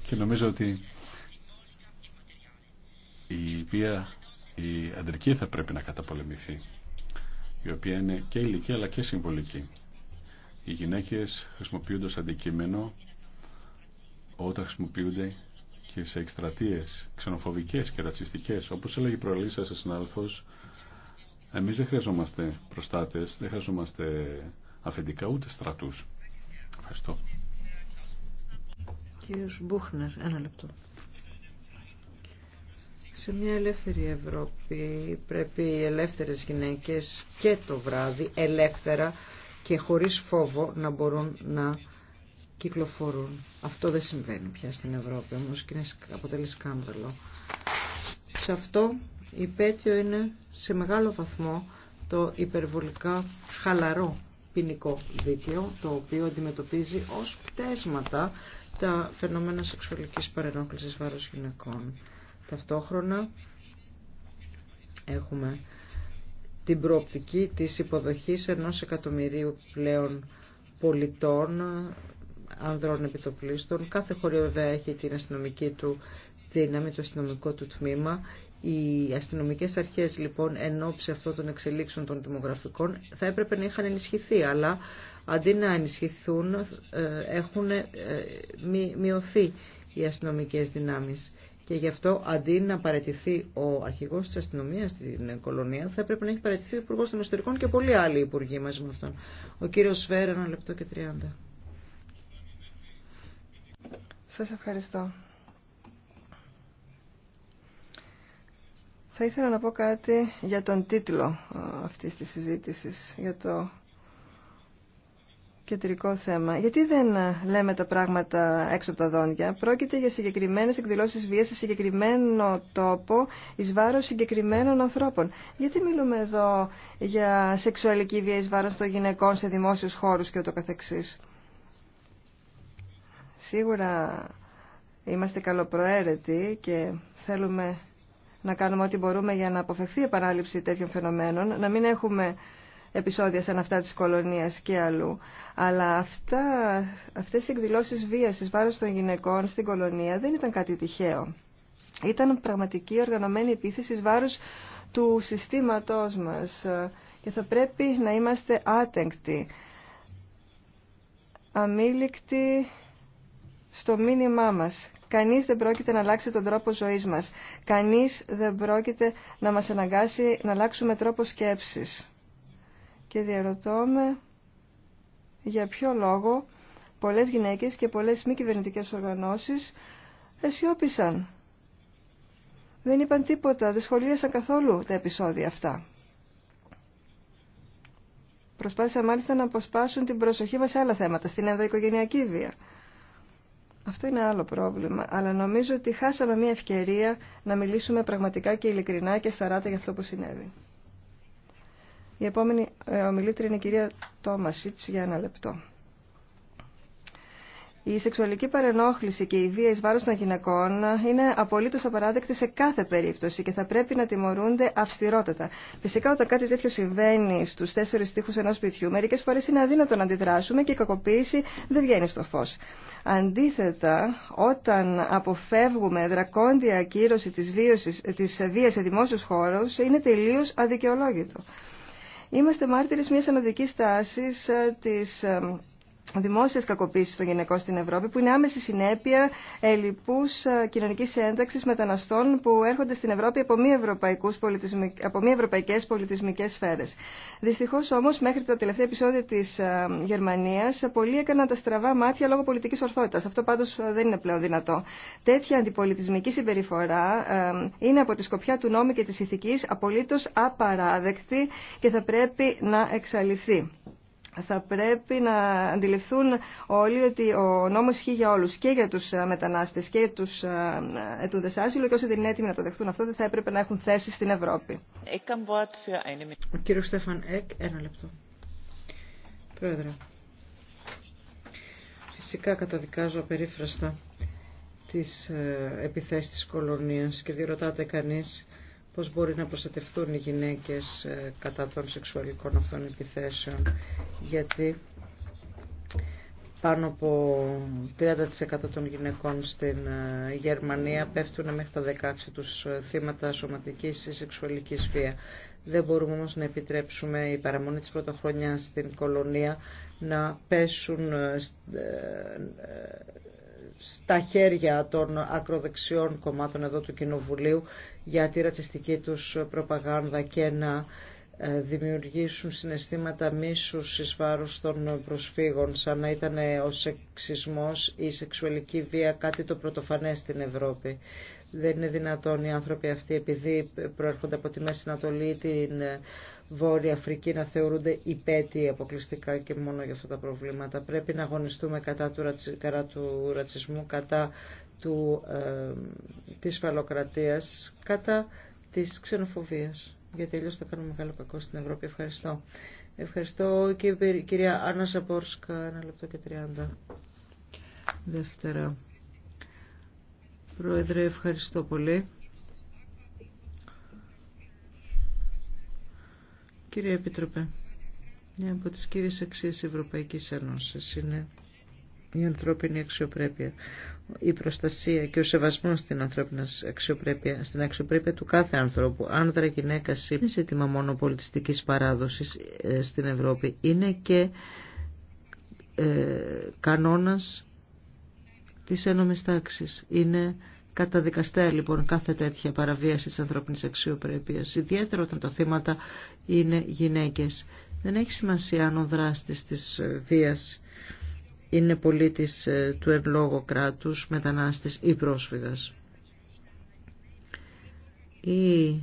S6: και νομίζω ότι η βία η αντρική θα πρέπει να καταπολεμηθεί η οποία είναι και ηλική αλλά και συμβολική. Οι γυναίκες χρησιμοποιούνται ως αντικείμενο όταν χρησιμοποιούνται και σε εκστρατείες ξενοφοβικές και ρατσιστικές. Όπως έλεγε η προελή σας ο συνάδελφος, εμείς δεν χρειαζόμαστε προστάτες, δεν χρειαζόμαστε αφεντικά ούτε στρατούς. Ευχαριστώ.
S5: Κύριος Μπούχνερ, ένα λεπτό. Σε μια ελεύθερη Ευρώπη πρέπει οι ελεύθερες γυναίκες και το βράδυ ελεύθερα και χωρίς φόβο να μπορούν να κυκλοφορούν. Αυτό δεν συμβαίνει πια στην Ευρώπη όμως και είναι, αποτελεί σκάνδαλο. Σε αυτό η πέτειο είναι σε μεγάλο βαθμό το υπερβολικά χαλαρό ποινικό δίκαιο το οποίο αντιμετωπίζει ως πτέσματα τα φαινόμενα σεξουαλικής παρενόχλησης βάρος γυναικών. Ταυτόχρονα έχουμε την προοπτική της υποδοχής ενός εκατομμυρίου πλέον πολιτών, ανδρών επιτοπλίστων. Κάθε χωρίο βέβαια έχει την αστυνομική του δύναμη, το αστυνομικό του τμήμα. Οι αστυνομικές αρχές λοιπόν εν ώψη αυτών των εξελίξεων των δημογραφικών θα έπρεπε να είχαν ενισχυθεί, αλλά αντί να ενισχυθούν ε, έχουν ε, μειωθεί οι αστυνομικές δυνάμεις και γι' αυτό αντί να παραιτηθεί ο αρχηγό τη αστυνομία στην κολονία, θα έπρεπε να έχει παραιτηθεί ο υπουργό των εσωτερικών και πολλοί άλλοι υπουργοί μαζί με αυτόν. Ο κύριο Σφαίρ, ένα λεπτό και τριάντα.
S4: Σας ευχαριστώ. Θα ήθελα να πω κάτι για τον τίτλο ε, αυτής της συζήτησης, για το κεντρικό θέμα. Γιατί δεν ε, λέμε τα πράγματα έξω από τα δόντια. Πρόκειται για συγκεκριμένες εκδηλώσεις βίας σε συγκεκριμένο τόπο εις βάρος συγκεκριμένων ανθρώπων. Γιατί μιλούμε εδώ για σεξουαλική βία εις βάρος των γυναικών σε δημόσιους χώρους και ούτω καθεξής. Σίγουρα είμαστε καλοπροαίρετοι και θέλουμε να κάνουμε ό,τι μπορούμε για να αποφευθεί η επανάληψη τέτοιων φαινομένων, να μην έχουμε επεισόδια σαν αυτά της κολονίας και αλλού. Αλλά αυτά, αυτές οι εκδηλώσεις βίασης βάρος των γυναικών στην κολονία δεν ήταν κάτι τυχαίο. Ήταν πραγματική οργανωμένη επίθεση βάρους του συστήματός μας ε, και θα πρέπει να είμαστε άτεγκτοι, αμήλικτοι στο μήνυμά μας. Κανείς δεν πρόκειται να αλλάξει τον τρόπο ζωής μας. Κανείς δεν πρόκειται να μας αναγκάσει να αλλάξουμε τρόπο σκέψης και διαρωτώ για ποιο λόγο πολλές γυναίκες και πολλές μη κυβερνητικές οργανώσεις αισιόπισαν. Δεν είπαν τίποτα, δεν σχολίασαν καθόλου τα επεισόδια αυτά. Προσπάθησαν μάλιστα να αποσπάσουν την προσοχή μας σε άλλα θέματα, στην ενδοοικογενειακή βία. Αυτό είναι άλλο πρόβλημα, αλλά νομίζω ότι χάσαμε μια ευκαιρία να μιλήσουμε πραγματικά και ειλικρινά και σταράτα για αυτό που συνέβη. Η επόμενη ε, ομιλήτρια είναι η κυρία Τόμασιτς για ένα λεπτό. Η σεξουαλική παρενόχληση και η βία εις βάρος των γυναικών είναι απολύτως απαράδεκτη σε κάθε περίπτωση και θα πρέπει να τιμωρούνται αυστηρότατα. Φυσικά όταν κάτι τέτοιο συμβαίνει στους τέσσερις στίχους ενός σπιτιού, μερικές φορές είναι αδύνατο να αντιδράσουμε και η κακοποίηση δεν βγαίνει στο φως. Αντίθετα, όταν αποφεύγουμε δρακόντια ακύρωση της, βίωσης, της βίας σε δημόσιους χώρους, είναι τελείως αδικαιολόγητο. Είμαστε μάρτυρες μιας αναδικής τάσης ε, της ε, δημόσιες κακοποίησεις των γυναικών στην Ευρώπη που είναι άμεση συνέπεια ελλειπούς ε, κοινωνικής ένταξης μεταναστών που έρχονται στην Ευρώπη από μη, πολιτισμικ... από μη ευρωπαϊκές πολιτισμικές σφαίρες. Δυστυχώς όμως μέχρι τα τελευταία επεισόδια της ε, Γερμανίας πολλοί έκαναν τα στραβά μάτια λόγω πολιτικής ορθότητας. Αυτό πάντως ε, δεν είναι πλέον δυνατό. Τέτοια αντιπολιτισμική συμπεριφορά είναι από τη σκοπιά του νόμου και της ηθικής απολύτως απαράδεκτη και θα πρέπει να εξαλειφθεί θα πρέπει να αντιληφθούν όλοι ότι ο νόμος ισχύει για όλους και για τους ε, μετανάστες και τους ε, ετούντες άσυλο και όσοι δεν είναι έτοιμοι να το δεχτούν αυτό δεν θα έπρεπε να έχουν θέση στην Ευρώπη. Ο κύριος Στέφαν Εκ, ένα λεπτό. Πρόεδρε,
S5: φυσικά καταδικάζω απερίφραστα τις ε, επιθέσεις της κολονίας και διερωτάται κανείς πώς μπορεί να προστατευτούν οι γυναίκες ε, κατά των σεξουαλικών αυτών επιθέσεων, γιατί πάνω από 30% των γυναικών στην ε, Γερμανία πέφτουν μέχρι τα 16 τους ε, θύματα σωματικής ή σεξουαλικής βία. Δεν μπορούμε όμως να επιτρέψουμε η παραμονή της πρωτοχρονιάς στην κολονία να πέσουν στα χέρια των ακροδεξιών κομμάτων εδώ του Κοινοβουλίου για τη ρατσιστική τους προπαγάνδα και να ε, δημιουργήσουν συναισθήματα μίσους εις βάρος των προσφύγων, σαν να ήταν ο σεξισμός ή η σεξουαλική βία κάτι το πρωτοφανές στην Ευρώπη. Δεν είναι δυνατόν οι άνθρωποι αυτοί, επειδή προέρχονται από τη Μέση Ανατολή, την Βόρεια Αφρική να θεωρούνται υπέτειοι αποκλειστικά και μόνο για αυτά τα προβλήματα. Πρέπει να αγωνιστούμε κατά του, ρατσισμού, κατά του, ε, της φαλοκρατίας, κατά της ξενοφοβίας. Γιατί αλλιώς θα κάνουμε μεγάλο κακό στην Ευρώπη. Ευχαριστώ. Ευχαριστώ κυρία Άννα Σαμπόρσκα. ένα λεπτό και τριάντα. Δεύτερα. Πρόεδρε, ευχαριστώ πολύ. Κύριε Επίτροπε, μια από τις κύριες αξίες Ευρωπαϊκής Ένωσης είναι η ανθρώπινη αξιοπρέπεια, η προστασία και ο σεβασμός στην ανθρώπινη αξιοπρέπεια, στην αξιοπρέπεια του κάθε ανθρώπου, άνδρα, γυναίκα, σύμπη, ζήτημα μόνο πολιτιστικής παράδοσης ε, στην Ευρώπη, είναι και ε, κανόνας της ένομης τάξης. Είναι Καταδικαστέ, λοιπόν κάθε τέτοια παραβίαση της ανθρώπινης αξιοπρέπειας, ιδιαίτερα όταν τα θύματα είναι γυναίκες. Δεν έχει σημασία αν ο δράστης της βίας είναι πολίτης ε, του εν λόγω κράτους, μετανάστης ή πρόσφυγας. Η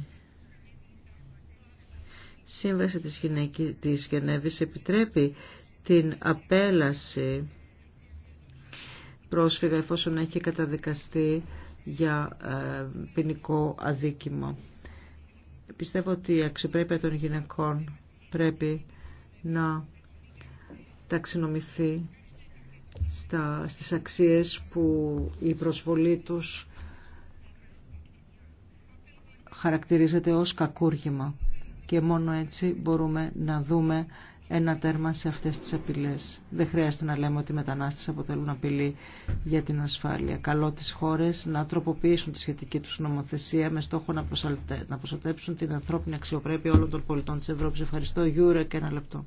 S5: σύμβαση της, γυναίκη, της Γενέβης επιτρέπει την απέλαση πρόσφυγα εφόσον έχει καταδικαστεί για ε, ποινικό αδίκημα. Πιστεύω ότι η αξιπρέπεια των γυναικών πρέπει να ταξινομηθεί στα, στις αξίες που η προσβολή τους χαρακτηρίζεται ως κακούργημα και μόνο έτσι μπορούμε να δούμε ένα τέρμα σε αυτές τις απειλές. Δεν χρειάζεται να λέμε ότι οι μετανάστες αποτελούν απειλή για την ασφάλεια. Καλό τις χώρες να τροποποιήσουν τη σχετική τους νομοθεσία με στόχο να προστατέψουν την ανθρώπινη αξιοπρέπεια όλων των πολιτών της Ευρώπης. Ευχαριστώ. γιουρέ και ένα λεπτό.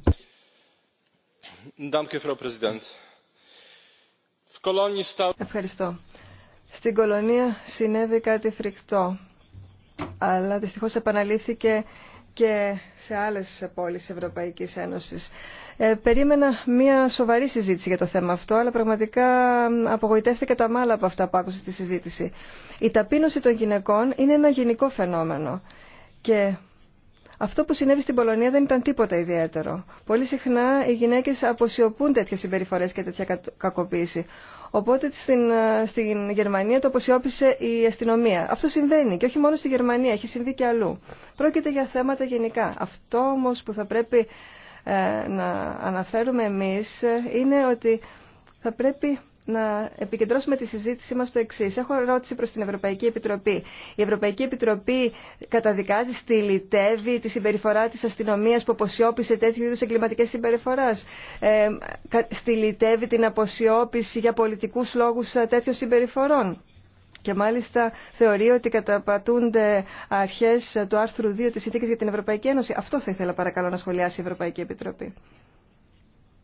S4: Ευχαριστώ. Στην κολονία συνέβη κάτι φρικτό, αλλά δυστυχώς επαναλήθηκε και σε άλλες πόλεις Ευρωπαϊκής Ένωσης. Ε, περίμενα μια σοβαρή συζήτηση για το θέμα αυτό, αλλά πραγματικά απογοητεύτηκα τα μάλα από αυτά που άκουσα στη συζήτηση. Η ταπείνωση των γυναικών είναι ένα γενικό φαινόμενο και αυτό που συνέβη στην Πολωνία δεν ήταν τίποτα ιδιαίτερο. Πολύ συχνά οι γυναίκες αποσιωπούν τέτοιες συμπεριφορές και τέτοια κακοποίηση. Οπότε στην, ε, στην Γερμανία το αποσιώπησε η αστυνομία. Αυτό συμβαίνει και όχι μόνο στη Γερμανία, έχει συμβεί και αλλού. Πρόκειται για θέματα γενικά. Αυτό όμως που θα πρέπει ε, να αναφέρουμε εμείς ε, είναι ότι θα πρέπει να επικεντρώσουμε τη συζήτησή μας στο εξή. Έχω ερώτηση προς την Ευρωπαϊκή Επιτροπή. Η Ευρωπαϊκή Επιτροπή καταδικάζει, στυλιτεύει τη συμπεριφορά της αστυνομίας που αποσιώπησε τέτοιου είδους εγκληματικές συμπεριφοράς. Ε, στυλιτεύει την αποσιώπηση για πολιτικούς λόγους ε, τέτοιων συμπεριφορών. Και μάλιστα θεωρεί ότι καταπατούνται αρχές ε, του άρθρου 2 της Συνθήκης για την Ευρωπαϊκή Ένωση. Αυτό θα ήθελα παρακαλώ να σχολιάσει η Ευρωπαϊκή Επιτροπή.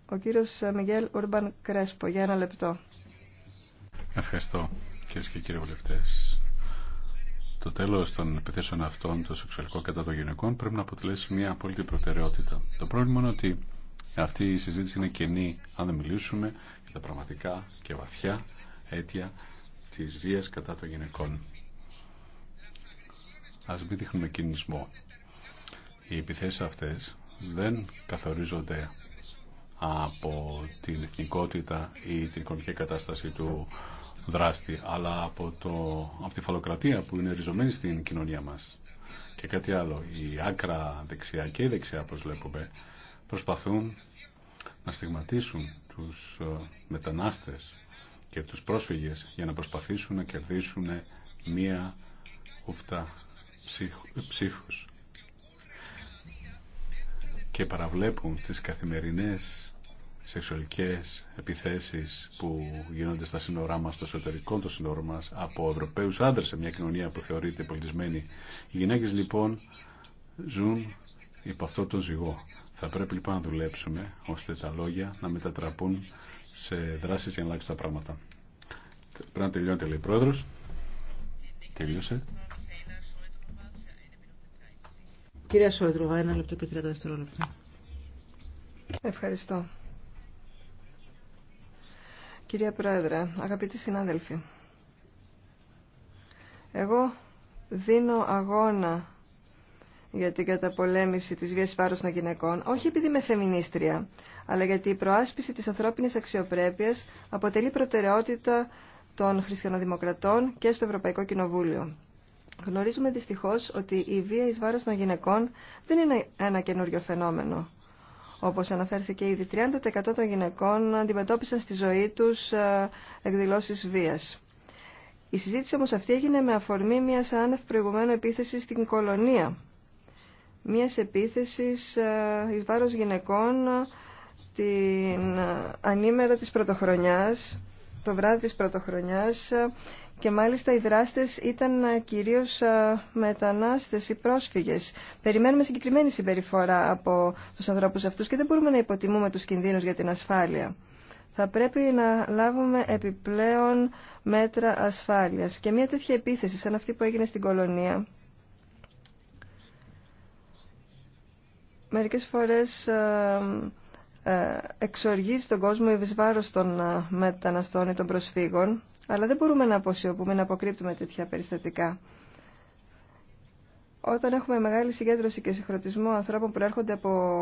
S4: Ο κύριος ε, Μιγγέλ Ουρμπαν Κρέσπο, για ένα λεπτό.
S6: Ευχαριστώ κυρίε και κύριοι βουλευτέ. Το τέλο των επιθέσεων αυτών, το σεξουαλικό κατά των γυναικών, πρέπει να αποτελέσει μια απόλυτη προτεραιότητα. Το πρόβλημα είναι ότι αυτή η συζήτηση είναι κενή αν δεν μιλήσουμε για τα πραγματικά και βαθιά αίτια τη βία κατά των γυναικών. Α μην δείχνουμε κινησμό. Οι επιθέσει αυτέ δεν καθορίζονται από την εθνικότητα ή την οικονομική κατάσταση του δράστη, αλλά από, το, από τη φαλοκρατία που είναι ριζωμένη στην κοινωνία μας. Και κάτι άλλο, η άκρα δεξιά και η δεξιά, όπως βλέπουμε, προσπαθούν να στιγματίσουν τους ε, μετανάστες και τους πρόσφυγες για να προσπαθήσουν να κερδίσουν μία ούφτα ψήφους και παραβλέπουν τις καθημερινές σεξουαλικές επιθέσεις που γίνονται στα σύνορά μας, στο εσωτερικό των σύνορων μας, από Ευρωπαίους άντρες σε μια κοινωνία που θεωρείται πολιτισμένη. Οι γυναίκες λοιπόν ζουν υπό αυτό τον ζυγό. Θα πρέπει λοιπόν να δουλέψουμε ώστε τα λόγια να μετατραπούν σε δράσεις για να αλλάξουν τα πράγματα. Πρέπει να τελειώνεται λέει Πρόεδρος. Τελείωσε.
S5: Κυρία Σόιτροβα, ένα λεπτό
S4: και 30 δευτερόλεπτα. Ευχαριστώ. Κυρία Πρόεδρε, αγαπητοί συνάδελφοι, εγώ δίνω αγώνα για την καταπολέμηση της βίας βάρος των γυναικών, όχι επειδή είμαι φεμινίστρια, αλλά γιατί η προάσπιση της ανθρώπινης αξιοπρέπειας αποτελεί προτεραιότητα των χριστιανοδημοκρατών και στο Ευρωπαϊκό Κοινοβούλιο. Γνωρίζουμε δυστυχώς ότι η βία εις βάρος των γυναικών δεν είναι ένα καινούριο φαινόμενο. Όπως αναφέρθηκε ήδη, 30% των γυναικών αντιμετώπισαν στη ζωή τους ε, εκδηλώσεις βίας. Η συζήτηση όμως αυτή έγινε με αφορμή μιας άνευ προηγουμένου επίθεσης στην κολονία. Μιας επίθεσης ε, εις βάρος γυναικών την ε, ανήμερα της πρωτοχρονιάς, το βράδυ της πρωτοχρονιάς και μάλιστα οι δράστες ήταν ε, κυρίως ε, μετανάστες ή πρόσφυγες. Περιμένουμε συγκεκριμένη συμπεριφορά από τους ανθρώπους αυτούς και δεν μπορούμε να υποτιμούμε τους κινδύνους για την ασφάλεια. Θα πρέπει να λάβουμε επιπλέον μέτρα ασφάλειας και μια τέτοια επίθεση σαν αυτή που έγινε στην κολονία. Μερικές φορές ε, εξοργίζει τον κόσμο η βυσβάρος των μεταναστών ή των προσφύγων αλλά δεν μπορούμε να αποσιωπούμε, να αποκρύπτουμε τέτοια περιστατικά. Όταν έχουμε μεγάλη συγκέντρωση και συγχρονισμό ανθρώπων που έρχονται από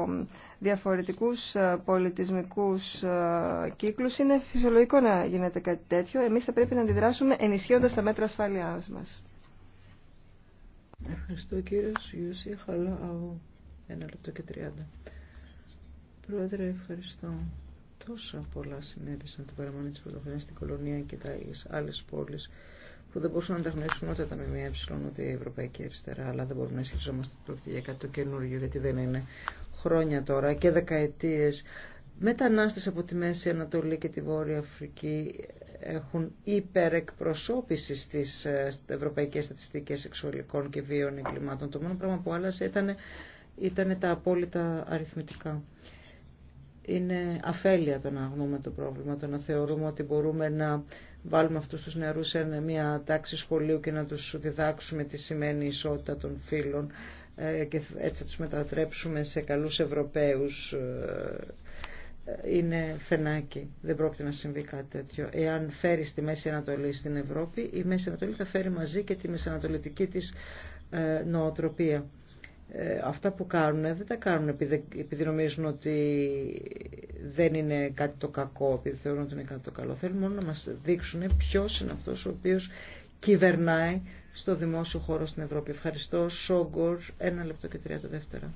S4: διαφορετικούς ε, πολιτισμικούς ε, κύκλους, είναι φυσιολογικό να γίνεται κάτι τέτοιο. Εμείς θα πρέπει να αντιδράσουμε ενισχύοντας τα μέτρα ασφαλείας μας.
S5: Ευχαριστώ κύριε Πρόεδρε, ευχαριστώ. Τόσα πολλά συνέβησαν την παραμονή τη πρωτοφανία στην Κολονία και τα άλλε πόλεις που δεν μπορούσαν να ανταγνωρίσουν ούτε τα ΜΜΕ ούτε η Ευρωπαϊκή Αριστερά. Αλλά δεν μπορούμε να ισχυριζόμαστε πρόκειται για κάτι το καινούργιο, γιατί δεν είναι χρόνια τώρα και δεκαετίες. Μετανάστες από τη Μέση Ανατολή και τη Βόρεια Αφρική έχουν υπερεκπροσώπηση στις ε, ευρωπαϊκές στατιστικές σεξουαλικών και βίων εγκλημάτων. Το μόνο πράγμα που άλλασε ήταν, ήταν τα απόλυτα αριθμητικά είναι αφέλεια το να αγνούμε το πρόβλημα, το να θεωρούμε ότι μπορούμε να βάλουμε αυτούς τους νερούς σε μια τάξη σχολείου και να τους διδάξουμε τι σημαίνει η ισότητα των φίλων ε, και έτσι τους μετατρέψουμε σε καλούς Ευρωπαίους ε, ε, είναι φενάκι. Δεν πρόκειται να συμβεί κάτι τέτοιο. Εάν φέρει στη Μέση Ανατολή στην Ευρώπη, η Μέση Ανατολή θα φέρει μαζί και τη μεσανατολική της νοοτροπία. Ε, αυτά που κάνουν δεν τα κάνουν επειδή, νομίζουν ότι δεν είναι κάτι το κακό, επειδή θεωρούν ότι είναι κάτι το καλό. Θέλουν μόνο να μας δείξουν ποιος είναι αυτός ο οποίος κυβερνάει στο δημόσιο χώρο στην Ευρώπη. Ευχαριστώ. Σόγκορ, ένα λεπτό και τρία το δεύτερα.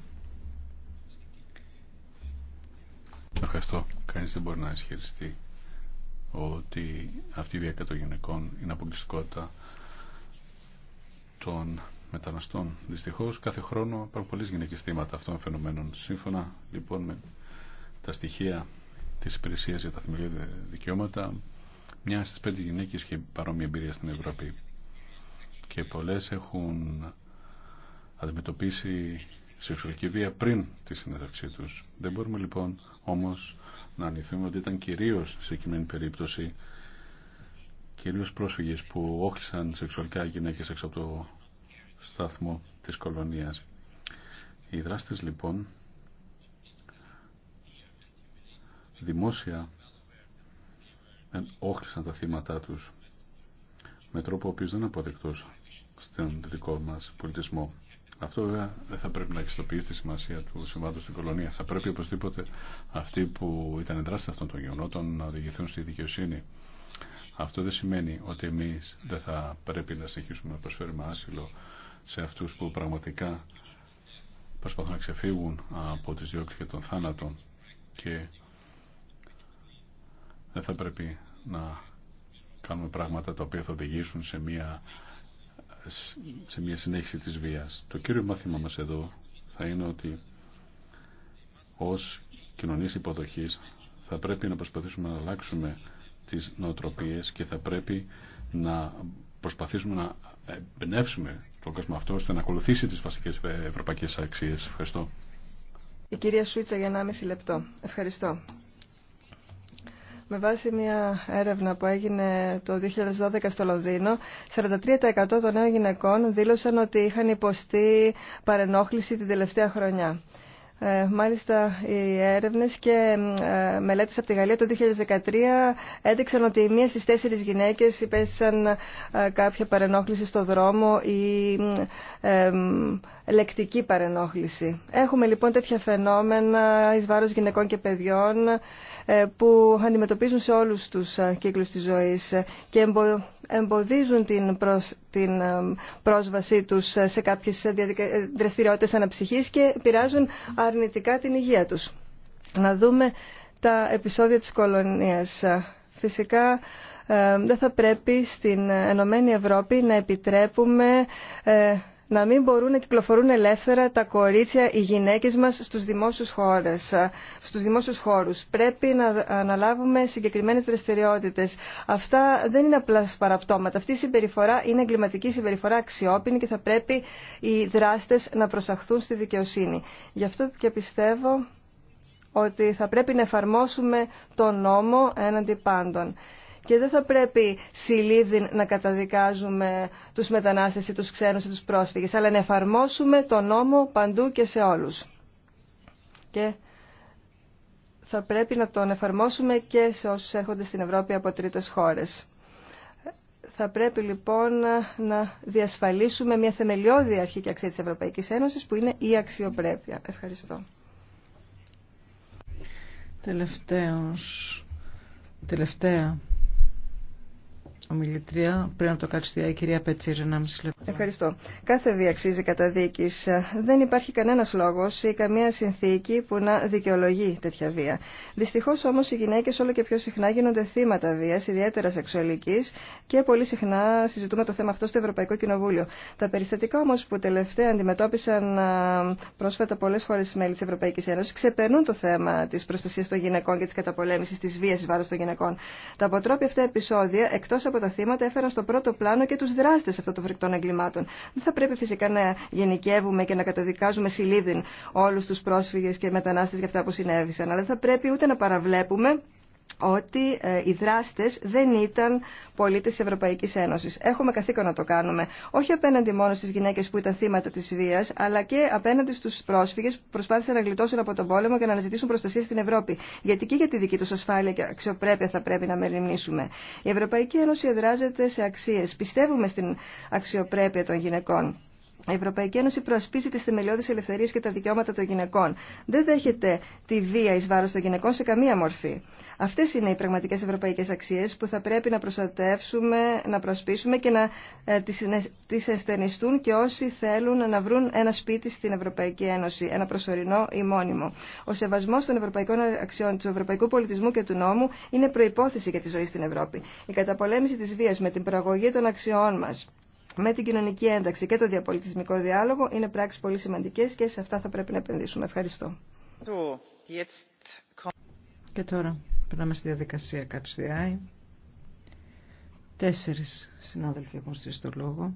S6: Ευχαριστώ. Κανείς δεν μπορεί να ισχυριστεί ότι αυτή η βία των γυναικών είναι αποκλειστικότητα των μεταναστών. Δυστυχώς κάθε χρόνο υπάρχουν πολλέ γυναίκε θύματα αυτών των φαινομένων. Σύμφωνα λοιπόν με τα στοιχεία τη υπηρεσία για τα θεμελιώδη δικαιώματα, μια στι πέντε γυναίκε είχε παρόμοια εμπειρία στην Ευρώπη. Και πολλέ έχουν αντιμετωπίσει σεξουαλική βία πριν τη συνέντευξή του. Δεν μπορούμε λοιπόν όμω να ανηθούμε ότι ήταν κυρίω σε εκείνη περίπτωση κυρίως πρόσφυγες που όχλησαν σεξουαλικά γυναίκες έξω από το σταθμό της κολονίας. Οι δράστες λοιπόν δημόσια όχρησαν τα θύματα τους με τρόπο ο οποίος δεν αποδεκτός στον δικό μας πολιτισμό. Αυτό βέβαια δεν θα πρέπει να εξιστοποιήσει τη σημασία του συμβάντος στην κολονία. Θα πρέπει οπωσδήποτε αυτοί που ήταν δράστες αυτών των γεγονότων να οδηγηθούν στη δικαιοσύνη. Αυτό δεν σημαίνει ότι εμείς δεν θα πρέπει να συνεχίσουμε να προσφέρουμε άσυλο σε αυτούς που πραγματικά προσπαθούν να ξεφύγουν από τις διώξεις και τον θάνατον και δεν θα πρέπει να κάνουμε πράγματα τα οποία θα οδηγήσουν σε μια, σε μια συνέχιση της βίας. Το κύριο μάθημα μας εδώ θα είναι ότι ως κοινωνίες υποδοχής θα πρέπει να προσπαθήσουμε να αλλάξουμε τις νοοτροπίες και θα πρέπει να προσπαθήσουμε να εμπνεύσουμε τον κόσμο αυτό ώστε να ακολουθήσει τις βασικές ε, ευρωπαϊκές αξίες. Ευχαριστώ.
S4: Η κυρία Σουίτσα για 1,5 λεπτό. Ευχαριστώ. Με βάση μια έρευνα που έγινε το 2012 στο Λονδίνο, 43% των νέων γυναικών δήλωσαν ότι είχαν υποστεί παρενόχληση την τελευταία χρονιά. Ε, μάλιστα οι έρευνες και ε, μελέτες από τη Γαλλία το 2013 έδειξαν ότι μία στις τέσσερις γυναίκες υπέστησαν ε, κάποια παρενόχληση στο δρόμο ή λεκτική παρενόχληση. Έχουμε λοιπόν τέτοια φαινόμενα εις βάρος γυναικών και παιδιών που αντιμετωπίζουν σε όλους τους κύκλους της ζωής και εμποδίζουν την, την ε, πρόσβασή τους σε κάποιες ε, δραστηριότητες αναψυχής και πειράζουν αρνητικά την υγεία τους. Να δούμε τα επεισόδια της κολονίας. Φυσικά ε, δεν θα πρέπει στην Ενωμένη Ευρώπη να επιτρέπουμε να μην μπορούν να κυκλοφορούν ελεύθερα τα κορίτσια, οι γυναίκες μας στους δημόσιους, χώρες, στους δημόσιους χώρους. Πρέπει να αναλάβουμε συγκεκριμένες δραστηριότητες. Αυτά δεν είναι απλά παραπτώματα. Αυτή η συμπεριφορά είναι εγκληματική συμπεριφορά αξιόπινη και θα πρέπει οι δράστες να προσαχθούν στη δικαιοσύνη. Γι' αυτό και πιστεύω ότι θα πρέπει να εφαρμόσουμε τον νόμο έναντι πάντων. Και δεν θα πρέπει σιλίδιν να καταδικάζουμε τους μετανάστες ή τους ξένους ή τους πρόσφυγες, αλλά να εφαρμόσουμε τον νόμο παντού και σε όλους. Και θα πρέπει να τον εφαρμόσουμε και σε όσους έρχονται στην Ευρώπη από τρίτες χώρες. Θα πρέπει λοιπόν να διασφαλίσουμε μια θεμελιώδη αρχή και αξία της Ευρωπαϊκής Ένωσης που είναι η αξιοπρέπεια. Ευχαριστώ.
S5: Τελευταίος, τελευταία ομιλητρία πριν το Κατστιά, η κυρία Πέτσιρε να λεπτό.
S4: Ευχαριστώ. Κάθε διαξίζει κατά δίκης. Δεν υπάρχει κανένα λόγο ή καμία συνθήκη που να δικαιολογεί τέτοια βία. Δυστυχώ όμω, οι γυναίκε όλο και πιο συχνά γίνονται θύματα βία, ιδιαίτερα σεξουαλική, και πολύ συχνά συζητούμε το θέμα αυτό στο Ευρωπαϊκό Κοινοβούλιο. Τα περιστατικά όμω που τελευταία αντιμετώπισαν πρόσφατα πολλέ χώρε μέλη τη Ευρωπαϊκή Ένωση ξεπερνούν το θέμα τη προστασία των γυναικών και τη καταπολέμηση τη βία βάρο των γυναικών. Τα αποτρόπια αυτά επεισόδια, εκτό από τα θύματα έφεραν στο πρώτο πλάνο και τους δράστες αυτών των φρικτών εγκλημάτων. Δεν θα πρέπει φυσικά να γενικεύουμε και να καταδικάζουμε σιλίδιν όλους τους πρόσφυγες και μετανάστες για αυτά που συνέβησαν, αλλά δεν θα πρέπει ούτε να παραβλέπουμε ότι ε, οι δράστες δεν ήταν πολίτες της Ευρωπαϊκής Ένωσης. Έχουμε καθήκον να το κάνουμε. Όχι απέναντι μόνο στις γυναίκες που ήταν θύματα της βίας, αλλά και απέναντι στους πρόσφυγες που προσπάθησαν να γλιτώσουν από τον πόλεμο και να αναζητήσουν προστασία στην Ευρώπη. Γιατί και για τη δική τους ασφάλεια και αξιοπρέπεια θα πρέπει να μεριμνήσουμε. Η Ευρωπαϊκή Ένωση εδράζεται σε αξίες. Πιστεύουμε στην αξιοπρέπεια των γυναικών. Η Ευρωπαϊκή Ένωση προασπίζει τι θεμελιώδει ελευθερίε και τα δικαιώματα των γυναικών. Δεν δέχεται τη βία ει βάρο των γυναικών σε καμία μορφή. Αυτέ είναι οι πραγματικέ ευρωπαϊκέ αξίε που θα πρέπει να προστατεύσουμε, να προασπίσουμε και να ε, τι ασθενιστούν και όσοι θέλουν να βρουν ένα σπίτι στην Ευρωπαϊκή Ένωση, ένα προσωρινό ή μόνιμο. Ο σεβασμό των ευρωπαϊκών αξιών, του ευρωπαϊκού πολιτισμού και του νόμου είναι προπόθεση για τη ζωή στην Ευρώπη. Η καταπολέμηση τη βία με την προαγωγή των αξιών μα με την κοινωνική ένταξη και το διαπολιτισμικό διάλογο είναι πράξεις πολύ σημαντικές και σε αυτά θα πρέπει να επενδύσουμε. Ευχαριστώ.
S5: Και τώρα περνάμε στη διαδικασία Καρσιάη. Τέσσερις συνάδελφοι έχουν στήσει το λόγο.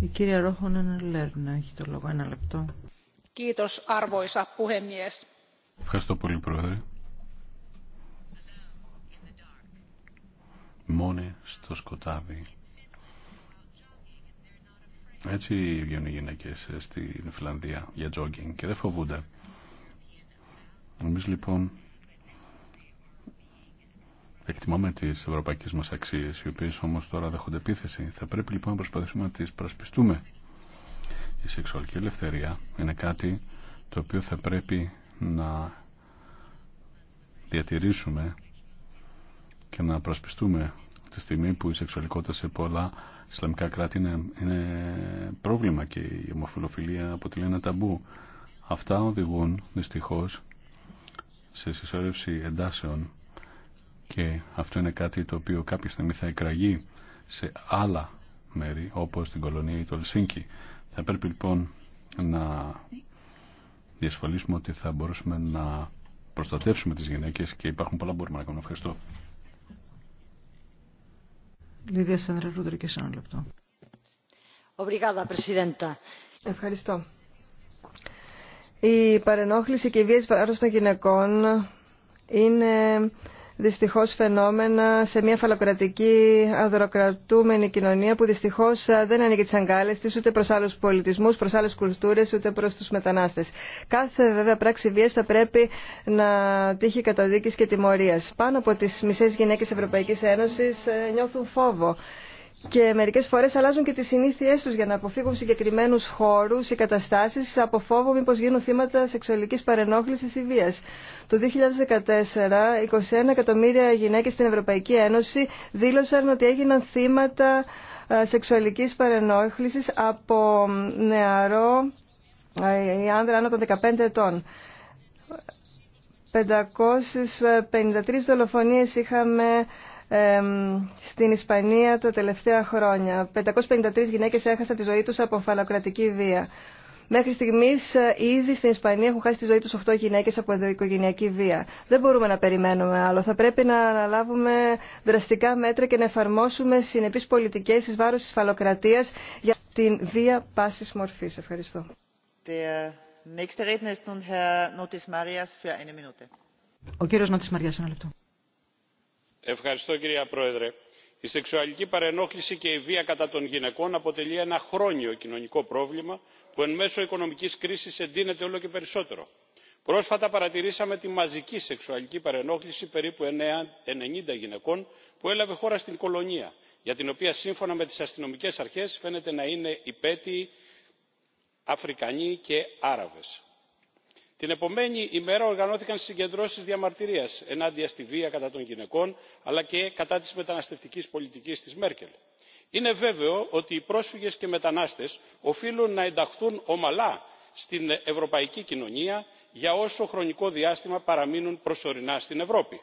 S5: Η κυρία Ρόχονεν Λέρνα έχει το λόγο. Ένα λεπτό.
S6: Ευχαριστώ πολύ, Πρόεδρε. μόνοι στο σκοτάδι. Έτσι βγαίνουν οι γυναίκες στην Φιλανδία για τζόγκινγκ και δεν φοβούνται. Νομίζω λοιπόν εκτιμάμε τις ευρωπαϊκές μας αξίες οι οποίες όμως τώρα δέχονται επίθεση. Θα πρέπει λοιπόν να προσπαθήσουμε να τις προσπιστούμε. Η σεξουαλική ελευθερία είναι κάτι το οποίο θα πρέπει να διατηρήσουμε και να προσπιστούμε τη στιγμή που η σεξουαλικότητα σε πολλά Ισλαμικά κράτη είναι, είναι πρόβλημα και η ομοφιλοφιλία αποτελεί ένα ταμπού. Αυτά οδηγούν δυστυχώς σε συσσόρευση εντάσεων και αυτό είναι κάτι το οποίο κάποια στιγμή θα εκραγεί σε άλλα μέρη όπως την κολονία ή το Ελσίνκι. Θα πρέπει λοιπόν να διασφαλίσουμε ότι θα μπορούσαμε να προστατεύσουμε τις γυναίκες και υπάρχουν πολλά που μπορούμε να κάνουμε. Ευχαριστώ.
S5: Λίδια Σέντρα Ρούντρικε, ένα λεπτό.
S4: Ευχαριστώ. Η παρενόχληση και η βία βάρος των γυναικών είναι δυστυχώς φαινόμενα σε μια φαλοκρατική αδροκρατούμενη κοινωνία που δυστυχώς δεν ανοίγει τις αγκάλες της ούτε προς άλλους πολιτισμούς, προς άλλες κουλτούρες, ούτε προς τους μετανάστες. Κάθε βέβαια πράξη βίας θα πρέπει να τύχει καταδίκης και τιμωρίας. Πάνω από τις μισές γυναίκες Ευρωπαϊκής Ένωσης ε, νιώθουν φόβο και μερικές φορές αλλάζουν και τι συνήθειέ του για να αποφύγουν συγκεκριμένους χώρους ή καταστάσεις από φόβο μήπω γίνουν θύματα σεξουαλικής παρενόχλησης ή βίας. Το 2014, 21 εκατομμύρια γυναίκες στην Ευρωπαϊκή Ένωση δήλωσαν ότι έγιναν θύματα ε, σεξουαλικής παρενόχλησης από νεαρό ή ε, άνδρα άνω των 15 ετών. 553 δολοφονίες είχαμε στην Ισπανία τα τελευταία χρόνια. 553 γυναίκες έχασαν τη ζωή τους από φαλοκρατική βία. Μέχρι στιγμή ε, ήδη στην Ισπανία έχουν χάσει τη ζωή του 8 γυναίκε από οικογενειακή βία. Δεν μπορούμε να περιμένουμε άλλο. Θα πρέπει να αναλάβουμε δραστικά μέτρα και να εφαρμόσουμε συνεπεί πολιτικέ ει βάρο τη φαλοκρατία για την βία πάση μορφή. Ευχαριστώ.
S5: Ο κύριος Μαριάς, ένα λεπτό
S7: κυρία πρόεδρε η σεξουαλική παρενόχληση και η βία κατά των γυναικών αποτελεί ένα χρόνιο κοινωνικό πρόβλημα που εν μέσω οικονομικής κρίσης εντείνεται όλο και περισσότερο. πρόσφατα παρατηρήσαμε τη μαζική σεξουαλική παρενόχληση περίπου 90 γυναικών που έλαβε χώρα στην κολονία για την οποία σύμφωνα με τις αστυνομικές αρχές φαίνεται να είναι υπαίτιοι, αφρικανοί και άραβες την επομένη ημέρα οργανώθηκαν συγκεντρώσεις διαμαρτυρίας ενάντια στη βία κατά των γυναικών αλλά και κατά της μεταναστευτικής πολιτικής της μέρκελ. είναι βέβαιο ότι οι πρόσφυγες και μετανάστες οφείλουν να ενταχθούν ομαλά στην ευρωπαϊκή κοινωνία για όσο χρονικό διάστημα παραμείνουν προσωρινά στην ευρώπη.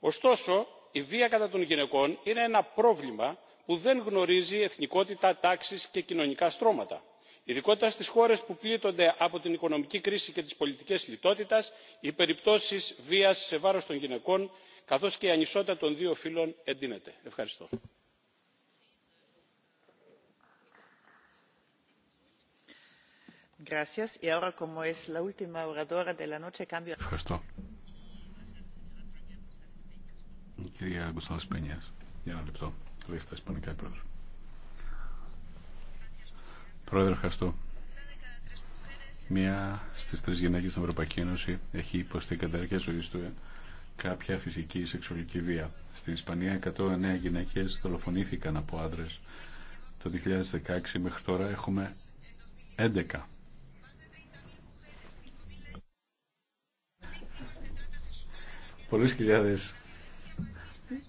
S7: ωστόσο η βία κατά των γυναικών είναι ένα πρόβλημα που δεν γνωρίζει εθνικότητα τάξη και κοινωνικά στρώματα ειδικότερα στις χώρες που πλήττονται από την οικονομική κρίση και τις πολιτικές λιτότητας οι περιπτώσεις βίας σε βάρος των γυναικών καθώς και η ανισότητα των δύο φύλων εντείνεται. ευχαριστώ.
S1: Ευχαριστώ.
S6: κυρία Γκουστάλ για ένα λεπτό, Πρόεδρε, ευχαριστώ. Μία στι τρει γυναίκε στην Ευρωπαϊκή Ένωση έχει υποστεί κατά τη ζωή του κάποια φυσική ή σεξουαλική βία. Στην Ισπανία 109 γυναίκε δολοφονήθηκαν από άντρε. Το 2016 μέχρι τώρα έχουμε 11. Πολλές χιλιάδες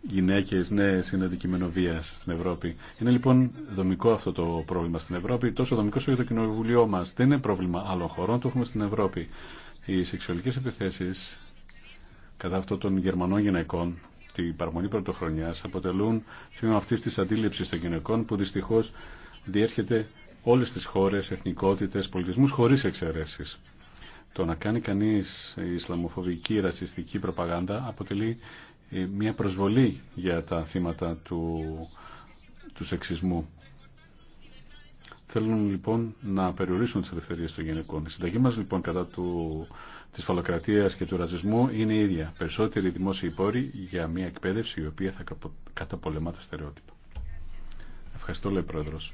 S6: Γυναίκε νέε είναι αντικείμενο στην Ευρώπη. Είναι λοιπόν δομικό αυτό το πρόβλημα στην Ευρώπη, τόσο δομικό όσο και το κοινοβουλίο μα. Δεν είναι πρόβλημα άλλων χωρών, το έχουμε στην Ευρώπη. Οι σεξουαλικέ επιθέσει κατά αυτό των Γερμανών γυναικών την παραμονή πρωτοχρονιά αποτελούν θύμα αυτή τη αντίληψη των γυναικών που δυστυχώ διέρχεται όλε τι χώρε, εθνικότητε, πολιτισμού χωρί εξαιρέσει. Το να κάνει κανεί ισλαμοφοβική, ρατσιστική προπαγάνδα αποτελεί ε, μια προσβολή για τα θύματα του, του σεξισμού. Θέλουν λοιπόν να περιορίσουν τις ελευθερίες των γυναικών. Η συνταγή μας λοιπόν κατά του, της φαλοκρατίας και του ρατσισμού είναι η ίδια. Περισσότεροι δημόσιοι υπόροι για μια εκπαίδευση η οποία θα καταπολεμά τα στερεότυπα. Ευχαριστώ λέει Πρόεδρος.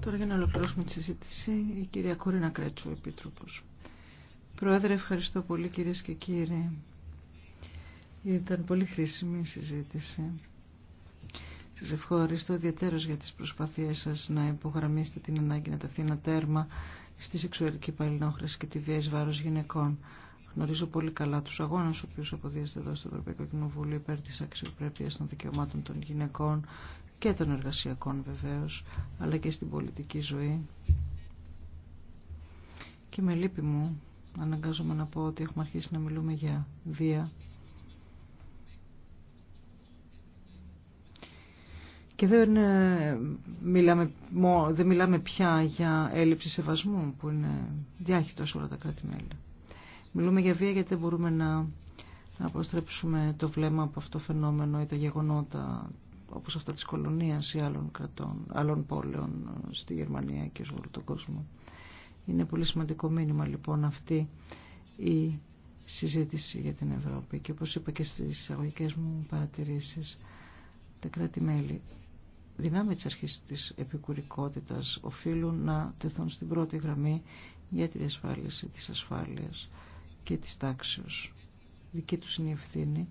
S5: Τώρα για να ολοκληρώσουμε τη συζήτηση, η κυρία Κόρινα Κρέτσου, Επίτροπος. Πρόεδρε, ευχαριστώ πολύ κυρίες και κύριοι. Ήταν πολύ χρήσιμη η συζήτηση. Σας ευχαριστώ ιδιαίτερως για τις προσπάθειές σας να υπογραμμίσετε την ανάγκη να ταθεί ένα τέρμα στη σεξουαλική παλινόχρηση και τη βία εις βάρος γυναικών. Γνωρίζω πολύ καλά τους αγώνες, ο οποίο αποδίδεται εδώ στο Ευρωπαϊκό Κοινοβούλιο υπέρ της αξιοπρέπειας των δικαιωμάτων των γυναικών και των εργασιακών βεβαίως, αλλά και στην πολιτική ζωή. Και με λύπη μου αναγκάζομαι να πω ότι έχουμε αρχίσει να μιλούμε για βία. Και δεν ε, μιλάμε, δεν μιλάμε πια για έλλειψη σεβασμού που είναι διάχυτο σε όλα τα κράτη-μέλη. Μιλούμε για βία γιατί δεν μπορούμε να αποστρέψουμε το βλέμμα από αυτό το φαινόμενο ή τα γεγονότα όπως αυτά της κολονίας ή άλλων κρατών, άλλων πόλεων ε, στη Γερμανία και σε όλο τον κόσμο. Είναι πολύ σημαντικό μήνυμα λοιπόν αυτή η συζήτηση για την Ευρώπη και όπως είπα και στις εισαγωγικέ μου παρατηρήσεις τα κράτη-μέλη δυνάμει της αρχής της επικουρικότητας οφείλουν να τεθούν στην πρώτη γραμμή για τη διασφάλιση της ασφάλειας και της τάξεως. Δική τους είναι η ευθύνη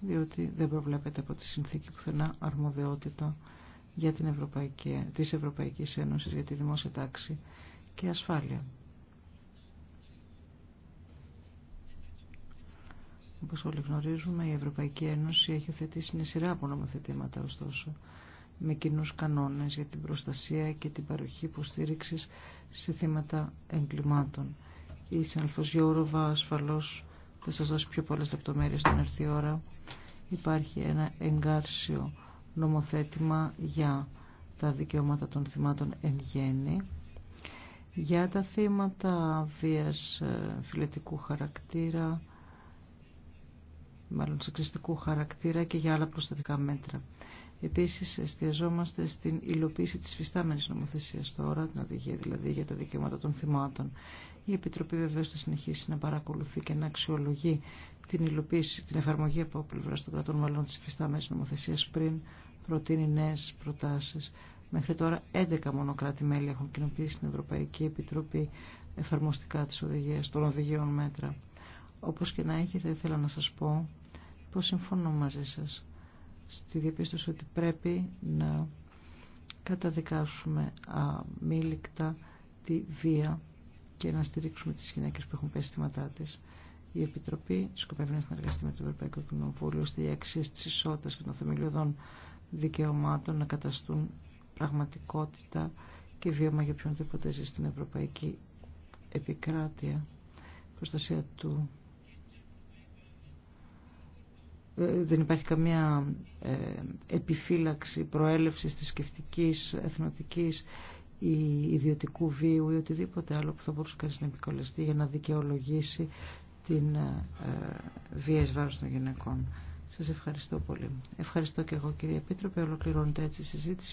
S5: διότι δεν προβλέπεται από τη συνθήκη πουθενά αρμοδιότητα για την Ευρωπαϊκή, της Ευρωπαϊκής Ένωσης για τη δημόσια τάξη και ασφάλεια. Όπως όλοι γνωρίζουμε, η Ευρωπαϊκή Ένωση έχει θετήσει μια σειρά από νομοθετήματα, ωστόσο, με κοινού κανόνες για την προστασία και την παροχή υποστήριξης σε θύματα εγκλημάτων. Η συναλφός Γιώροβα ασφαλώς θα σας δώσει πιο πολλές λεπτομέρειες στην έρθει ώρα. Υπάρχει ένα εγκάρσιο νομοθέτημα για τα δικαιώματα των θυμάτων εν γέννη. Για τα θύματα βίας ε, φιλετικού χαρακτήρα, μάλλον σεξιστικού χαρακτήρα και για άλλα προστατικά μέτρα. Επίσης εστιαζόμαστε στην υλοποίηση της φυστάμενης νομοθεσίας τώρα, την οδηγία δηλαδή για τα δικαιώματα των θυμάτων. Η Επιτροπή βεβαίως θα συνεχίσει να παρακολουθεί και να αξιολογεί την υλοποίηση, την εφαρμογή από πλευρά των κρατών μελών της φυστάμενης νομοθεσίας πριν προτείνει νέε προτάσεις. Μέχρι τώρα 11 μονοκράτη κράτη-μέλη έχουν κοινοποιήσει στην Ευρωπαϊκή Επιτροπή εφαρμοστικά τις οδηγίες των οδηγίων μέτρα. Όπως και να έχει θα ήθελα να σας πω πως συμφωνώ μαζί σας στη διαπίστωση ότι πρέπει να καταδικάσουμε αμήλικτα τη βία και να στηρίξουμε τις γυναίκε που έχουν πέσει θύματά της. Η Επιτροπή σκοπεύει να συνεργαστεί με το Ευρωπαϊκό Κοινοβούλιο στη αξία τη ισότητα και των θεμελιωδών δικαιωμάτων να καταστούν πραγματικότητα και βίωμα για οποιονδήποτε ζει στην Ευρωπαϊκή Επικράτεια. Προστασία του. Ε, δεν υπάρχει καμία ε, επιφύλαξη προέλευσης σκεφτικής, εθνοτικής ή ιδιωτικού βίου ή οτιδήποτε άλλο που θα μπορούσε κανείς να επικολεστεί για να δικαιολογήσει την ε, βία εις βάρος των γυναικών. Σας ευχαριστώ πολύ. Ευχαριστώ και εγώ κύριε Επίτροπε. Ολοκληρώνεται έτσι η συζήτηση.